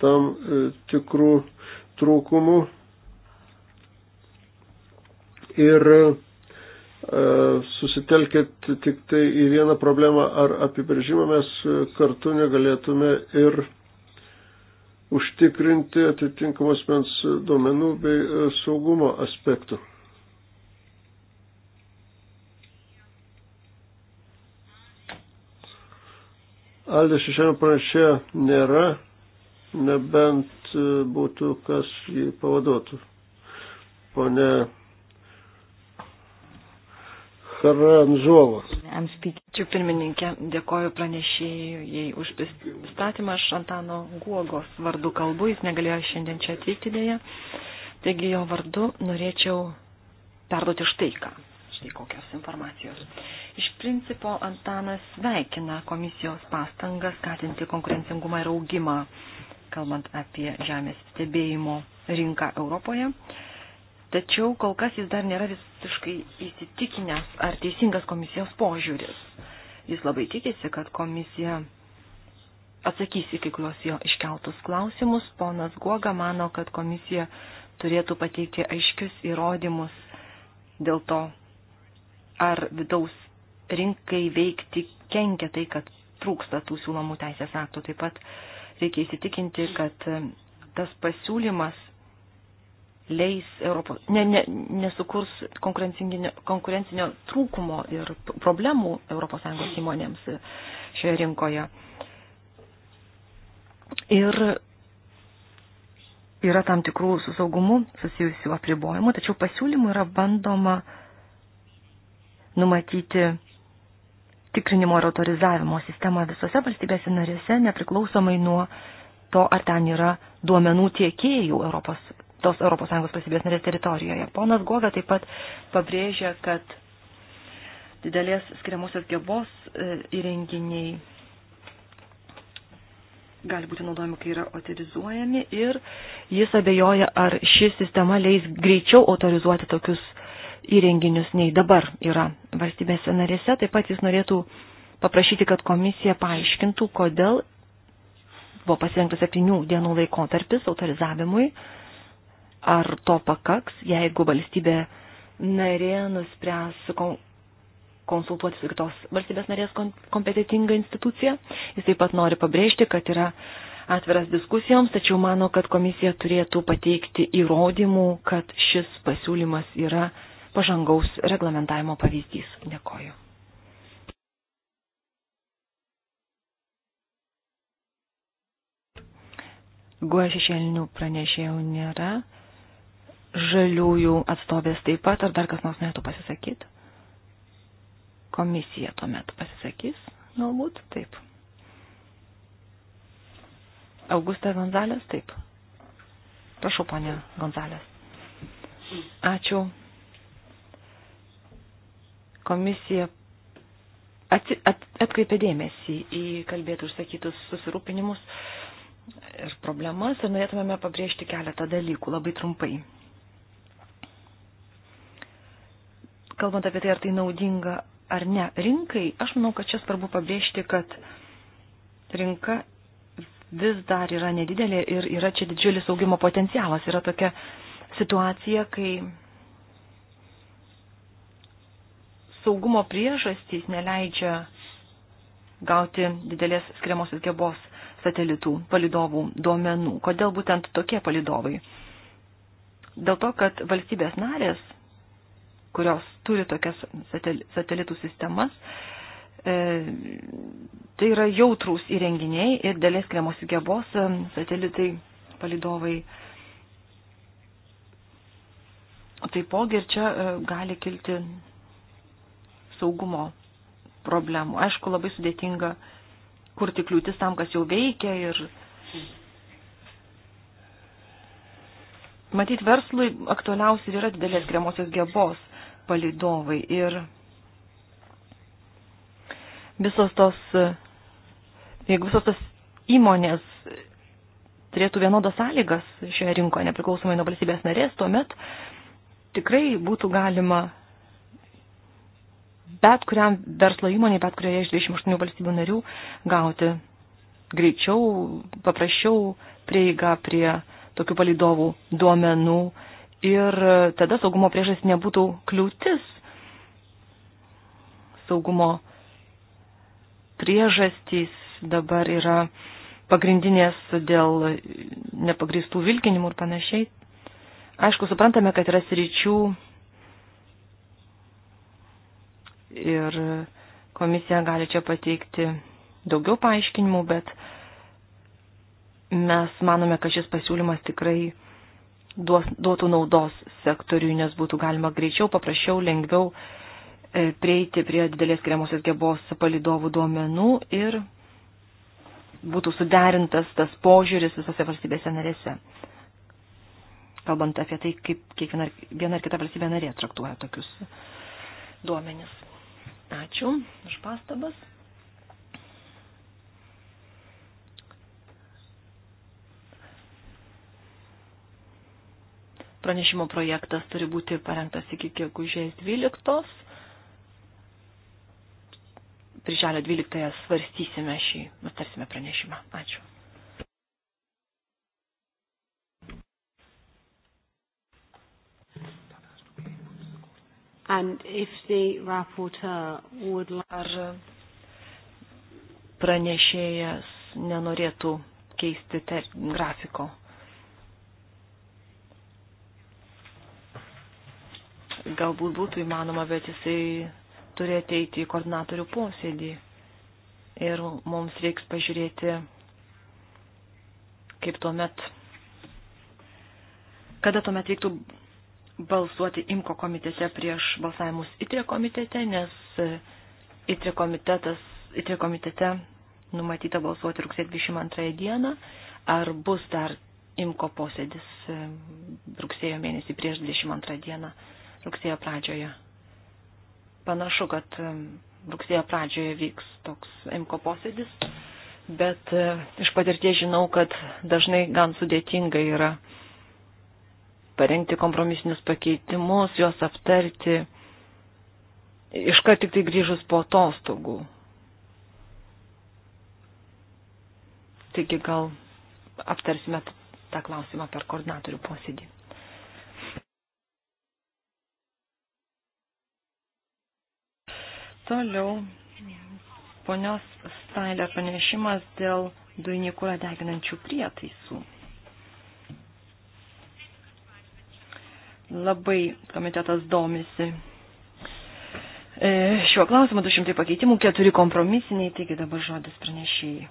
tam e, tikrų trūkumų ir e, susitelkit tik tai į vieną problemą ar apibrėžimą mes e, kartu negalėtume ir užtikrinti atitinkamos mens duomenų bei saugumo aspektų. Aldė šešiame pranešė nėra, nebent e, būtų kas jį pavaduotų. Pone Haranžovo. Ačiū pirmininkė, dėkoju pranešėjai už pristatymą. Aš Antano Guogos vardu kalbu, jis negalėjo šiandien čia atvykti dėja. Taigi jo vardu norėčiau perduoti štai ką štai kokios informacijos. Iš principo Antanas veikina komisijos pastangas skatinti konkurencingumą ir augimą, kalbant apie žemės stebėjimo rinką Europoje. Tačiau kol kas jis dar nėra visiškai įsitikinęs, ar teisingas komisijos požiūris. Jis labai tikisi, kad komisija atsakys į kai kuriuos jo iškeltus klausimus. Ponas Guoga mano, kad komisija turėtų pateikti aiškius įrodymus dėl to, ar vidaus rinkai veikti kenkia tai, kad trūksta tų siūlomų teisės aktų. Taip pat reikia įsitikinti, kad tas pasiūlymas leis Europos, ne, ne, nesukurs konkurencinio, konkurencinio trūkumo ir problemų ES įmonėms e, šioje rinkoje. Ir yra tam tikrų su saugumu susijusių apribojimų, tačiau pasiūlymų yra bandoma uh, numatyti tikrinimo ir autorizavimo sistemą visose valstybėse narėse, nepriklausomai nuo to, ar ten yra duomenų tiekėjų Europos, tos ES valstybės narės teritorijoje. Ponas Govė taip pat pabrėžia, kad didelės skiriamosios gebos e, įrenginiai gali būti naudojami, kai yra autorizuojami ir jis abejoja, ar ši sistema leis greičiau autorizuoti tokius įrenginius nei dabar yra valstybėse narėse. Taip pat jis norėtų paprašyti, kad komisija paaiškintų, kodėl buvo pasirinktas septynių dienų laikotarpis autorizavimui. Ar to pakaks, jeigu valstybė narė nuspręs konsultuoti su kitos valstybės narės kompetitinga institucija. Jis taip pat nori pabrėžti, kad yra atviras diskusijoms, tačiau mano, kad komisija turėtų pateikti įrodymų, kad šis pasiūlymas yra pažangaus reglamentavimo pavyzdys. Dėkoju. Guo šešėlinių pranešėjų nėra. Žaliųjų atstovės taip pat. Ar dar kas nors norėtų pasisakyti? Komisija tuomet pasisakys. Galbūt taip. Augusta Gonzalės, taip. Prašau, ponė Gonzalės. Ačiū, komisija at, at, atkreipė dėmesį į kalbėtų užsakytus susirūpinimus ir problemas ir norėtumėme pabrėžti keletą dalykų labai trumpai. Kalbant apie tai, ar tai naudinga ar ne rinkai, aš manau, kad čia svarbu pabrėžti, kad rinka vis dar yra nedidelė ir yra čia didžiulis augimo potencialas. Yra tokia situacija, kai saugumo priežastys neleidžia gauti didelės skiriamosios gebos satelitų palidovų duomenų. Kodėl būtent tokie palidovai? Dėl to, kad valstybės narės, kurios turi tokias satelitų sistemas, e, tai yra jautrūs įrenginiai ir dėlės kremos gebos e, satelitai, palidovai. Taipogi ir čia e, gali kilti saugumo problemų. Aišku, labai sudėtinga kurti kliūtis tam, kas jau veikia ir matyt, verslui aktualiausi yra didelės grėmosios gebos palidovai ir visos tos, jeigu visos tos įmonės turėtų vienodas sąlygas šioje rinkoje, nepriklausomai nuo valstybės narės, tuomet tikrai būtų galima bet kuriam verslo įmonė, bet kurioje iš 28 valstybių narių gauti greičiau, paprasčiau prieigą prie tokių palidovų duomenų ir tada saugumo priežas nebūtų kliūtis. Saugumo priežastys dabar yra pagrindinės dėl nepagristų vilkinimų ir panašiai. Aišku, suprantame, kad yra sričių, ir komisija gali čia pateikti daugiau paaiškinimų, bet mes manome, kad šis pasiūlymas tikrai duos, duotų naudos sektoriui, nes būtų galima greičiau, paprasčiau, lengviau e, prieiti prie didelės skiriamosios gebos palidovų duomenų ir būtų suderintas tas požiūris visose valstybėse narėse. Kalbant apie tai, kaip kiekviena viena ar kita valstybė narė traktuoja tokius duomenis. Ačiū už pastabas. Pranešimo projektas turi būti parengtas iki gegužės 12. Birželio 12 svarstysime šį, aptarsime pranešimą. Ačiū. And if the rapporteur would like... Ar pranešėjas nenorėtų keisti ter... grafiko? Galbūt būtų įmanoma, bet jisai turi ateiti į koordinatorių posėdį. Ir mums reiks pažiūrėti, kaip tuomet, kada tuomet reiktų balsuoti IMKO komitete prieš balsavimus ITRE komitete, nes e, ITRE, ITRE komitete numatyta balsuoti rugsėjo 22 dieną, ar bus dar IMKO posėdis e, rugsėjo mėnesį prieš 22 dieną, rugsėjo pradžioje. Panašu, kad e, rugsėjo pradžioje vyks toks IMKO posėdis, bet iš patirties žinau, kad dažnai gan sudėtinga yra parengti kompromisinius pakeitimus, juos aptarti iškart tik tai grįžus po atostogų. Taigi gal aptarsime tą klausimą per koordinatorių posėdį. Toliau ponios Stailė pranešimas dėl dujinį kūrą deginančių prietaisų. Labai komitetas domisi. E, šiuo klausimu 200 pakeitimų, 4 kompromisiniai, taigi dabar žodis pranešėjai.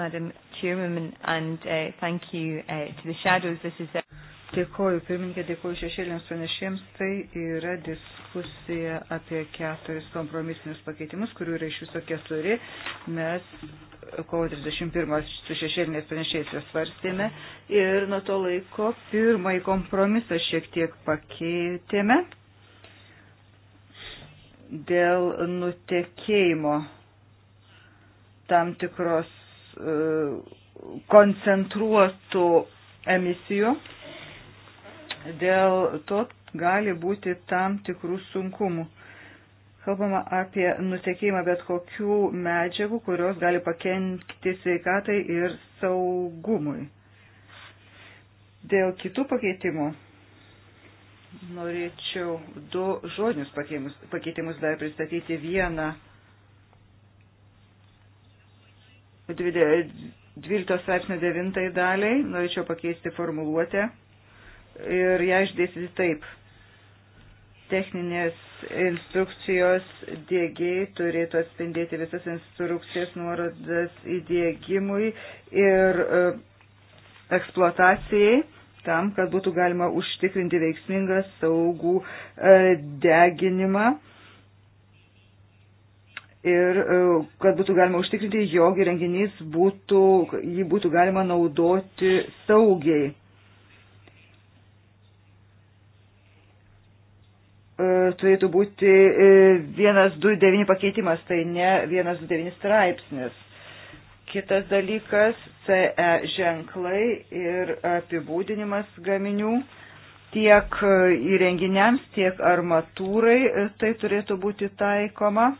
Madam Chairwoman, and uh, thank you uh, to the shadows. This is a Dėkoju, pirmininkė, dėkoju šešėlėms pranešėjams. Tai yra diskusija apie keturis kompromisinius pakeitimus, kurių yra iš viso keturi. Mes kovo 31 su šešėlinės pranešėjais juos svarstėme ir nuo to laiko pirmąjį kompromisą šiek tiek pakeitėme dėl nutekėjimo tam tikros uh, koncentruotų emisijų Dėl to gali būti tam tikrų sunkumų. Kalbama apie nutekėjimą bet kokių medžiagų, kurios gali pakenkti sveikatai ir saugumui. Dėl kitų pakeitimų norėčiau du žodinius pakeitimus, pakeitimus dar pristatyti vieną. 12 straipsnio 9 daliai norėčiau pakeisti formuluotę ir ją išdėstyti taip. Techninės instrukcijos dėgiai turėtų atspindėti visas instrukcijas nuorodas įdėgymui ir e, eksploatacijai tam, kad būtų galima užtikrinti veiksmingą saugų e, deginimą ir e, kad būtų galima užtikrinti, jog įrenginys būtų, jį būtų galima naudoti saugiai. E, turėtų būti 129 e, pakeitimas, tai ne 129 straipsnis. Kitas dalykas - CE ženklai ir apibūdinimas gaminių tiek įrenginiams, tiek armatūrai e, tai turėtų būti taikoma.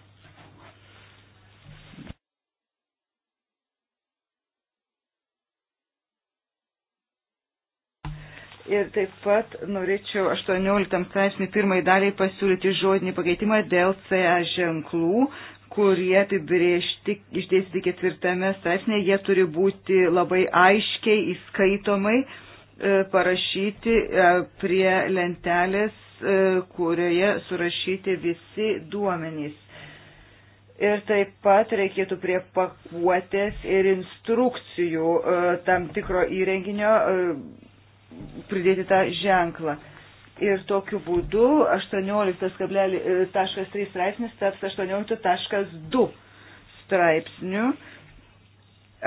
Ir taip pat norėčiau 18 straipsnį pirmai daliai pasiūlyti žodinį pakeitimą dėl CA ženklų, kurie apibriežti išdėstyti ketvirtame straipsnėje, jie turi būti labai aiškiai įskaitomai e, parašyti e, prie lentelės, e, kurioje surašyti visi duomenys. Ir taip pat reikėtų prie pakuotės ir instrukcijų tam tikro įrenginio pridėti tą ženklą. Ir tokiu būdu 18.3 e, straipsnis taps 18.2 straipsniu.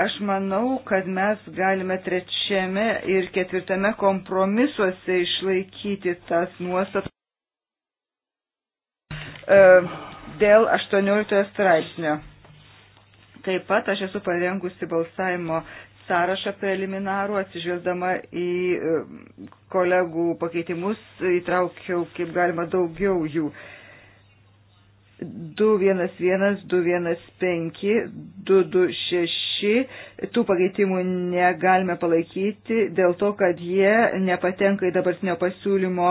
Aš manau, kad mes galime trečiame ir ketvirtame kompromisuose išlaikyti tas nuostatas e, dėl 18 straipsnio. Taip pat aš esu parengusi balsavimo sąrašą preliminarų, atsižvelgdama į e, kolegų pakeitimus, įtraukiau kaip galima daugiau jų. 211, 215, 226. Tų pakeitimų negalime palaikyti dėl to, kad jie nepatenka į dabartinio pasiūlymo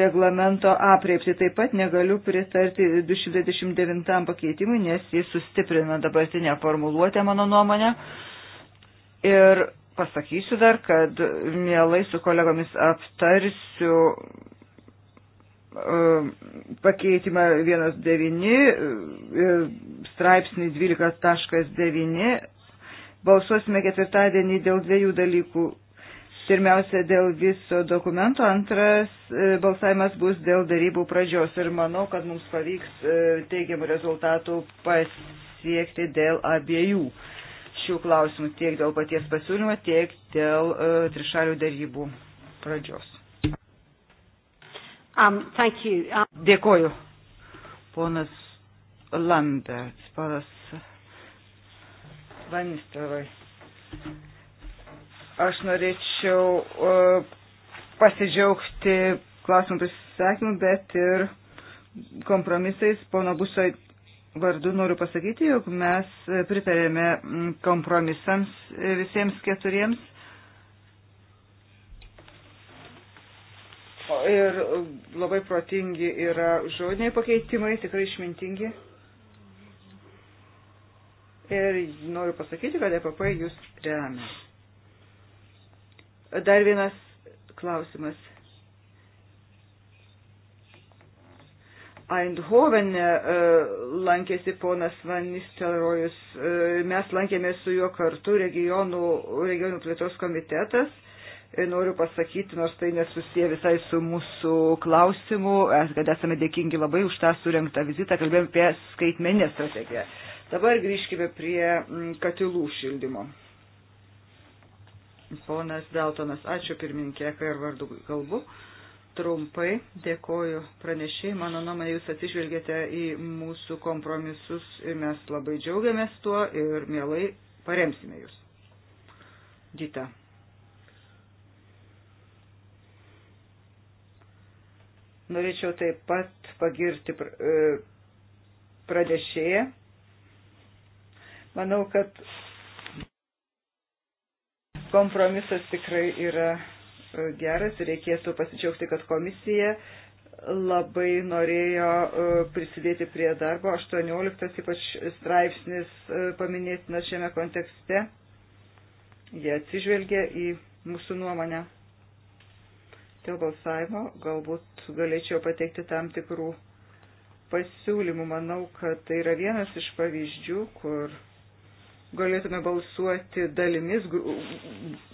reglamento apreipti. Taip pat negaliu pritarti 229 pakeitimui, nes jis sustiprina dabartinę formuluotę, mano nuomonę. Ir pasakysiu dar, kad mielai su kolegomis aptarsiu um, pakeitimą 1.9 ir straipsnį 12.9. Balsuosime ketvirtadienį dėl dviejų dalykų. Pirmiausia, dėl viso dokumento, antras e, balsavimas bus dėl darybų pradžios ir manau, kad mums pavyks e, teigiamų rezultatų pasiekti dėl abiejų šių klausimų tiek dėl paties pasiūlymo, tiek dėl uh, trišalių darybų pradžios. Um, um... Dėkoju. Ponas Lamberts, paras Vanistrovai. Aš norėčiau uh, pasidžiaugti klausimų prisisakymu, bet ir kompromisais pono Buso vardu noriu pasakyti, jog mes pritarėme mm, kompromisams e, visiems keturiems. Ir e, labai protingi yra žodiniai pakeitimai, tikrai išmintingi. Ir noriu pasakyti, kad EPP jūs remia. Dar vienas klausimas. Eindhovene e, lankėsi ponas Van Nistelrojus, e, mes lankėmės su juo kartu regionų, regionų plėtros komitetas. E, noriu pasakyti, nors tai nesusiję visai su mūsų klausimu, kad esame dėkingi labai už tą surinktą vizitą, kalbėjom apie skaitmenę strategiją. Dabar grįžkime prie katilų šildymo. Ponas Daltonas, ačiū pirmininkė, kai ir vardu kalbu. Uh, trumpai. Dėkoju pranešiai. Mano nuomonė, jūs atsižvelgėte į mūsų kompromisus ir mes labai džiaugiamės tuo ir mielai paremsime jūs. Dita. Norėčiau taip pat pagirti e, pradėšėją. Manau, kad kompromisas tikrai yra geras ir reikėtų pasidžiaugti, kad komisija labai norėjo e, prisidėti prie darbo. 18 ypač straipsnis e, paminėtinas šiame kontekste. Jie atsižvelgia į mūsų nuomonę. Dėl balsavimo galbūt galėčiau pateikti tam tikrų pasiūlymų. Manau, kad tai yra vienas iš pavyzdžių, kur galėtume balsuoti dalimis,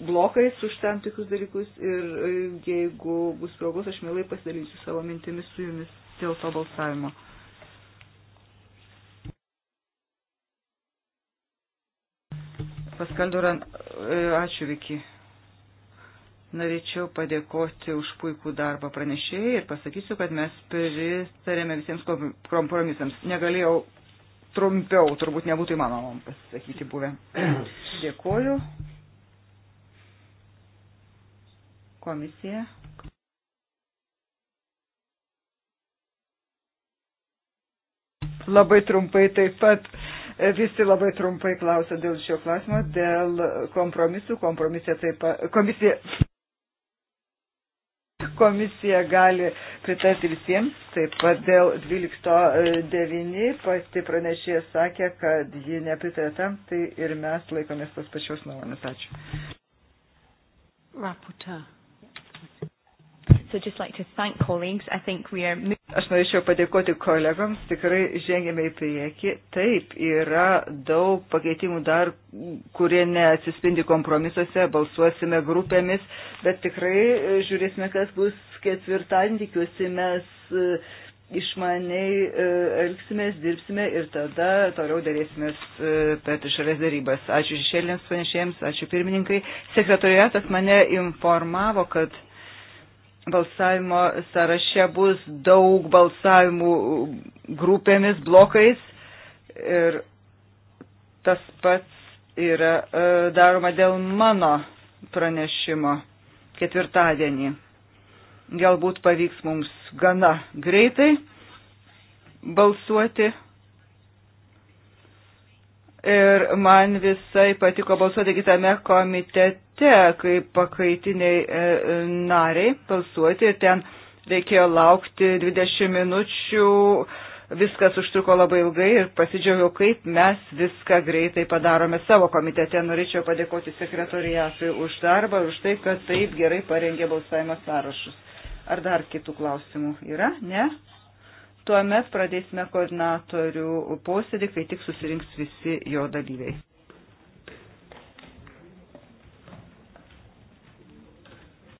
blokais už tam tikrus dalykus ir e, jeigu bus progos, aš mielai pasidalinsiu savo mintimis su jumis dėl to balsavimo. Paskalduran, e, ačiū Viki. Norėčiau padėkoti už puikų darbą pranešėjai ir pasakysiu, kad mes pritarėme visiems kompromisams. Negalėjau trumpiau, turbūt nebūtų įmanoma pasisakyti buvę. Dėkuoju. Komisija. Labai trumpai taip pat. Visi labai trumpai klausia dėl šio klausimo, dėl kompromisų. Komisija taip pat, komisija komisija gali pritarti visiems. Taip pat dėl 12.9 pati pranešėja sakė, kad ji nepritarė tam, tai ir mes laikomės tos pačios nuomonės. Ačiū. Raputa also just like to thank colleagues. I think we are Aš norėčiau padėkoti kolegams, tikrai žengėme į priekį. Taip, yra daug pakeitimų dar, kurie neatsispindi kompromisuose, balsuosime grupėmis, bet tikrai e, žiūrėsime, kas bus ketvirtadienį, tikiuosi mes e, išmaniai e, elgsimės, dirbsime ir tada toliau darėsimės per trišalės darybas. Ačiū šešėlėms panešėjams, ačiū pirmininkai. Sekretoriatas mane informavo, kad balsavimo sąraše bus daug balsavimų grupėmis, blokais ir tas pats yra e, daroma dėl mano pranešimo ketvirtadienį. Galbūt pavyks mums gana greitai balsuoti. Ir man visai patiko balsuoti kitame komitete parlamente kaip pakaitiniai e, e, nariai balsuoti ir ten reikėjo laukti 20 minučių, viskas užtruko labai ilgai ir pasidžiaugiau, kaip mes viską greitai padarome savo komitete. Norėčiau padėkoti sekretoriatui už darbą, už tai, kad taip gerai parengė balsavimo sąrašus. Ar dar kitų klausimų yra? Ne? Tuomet pradėsime koordinatorių posėdį, kai tik susirinks visi jo dalyviai.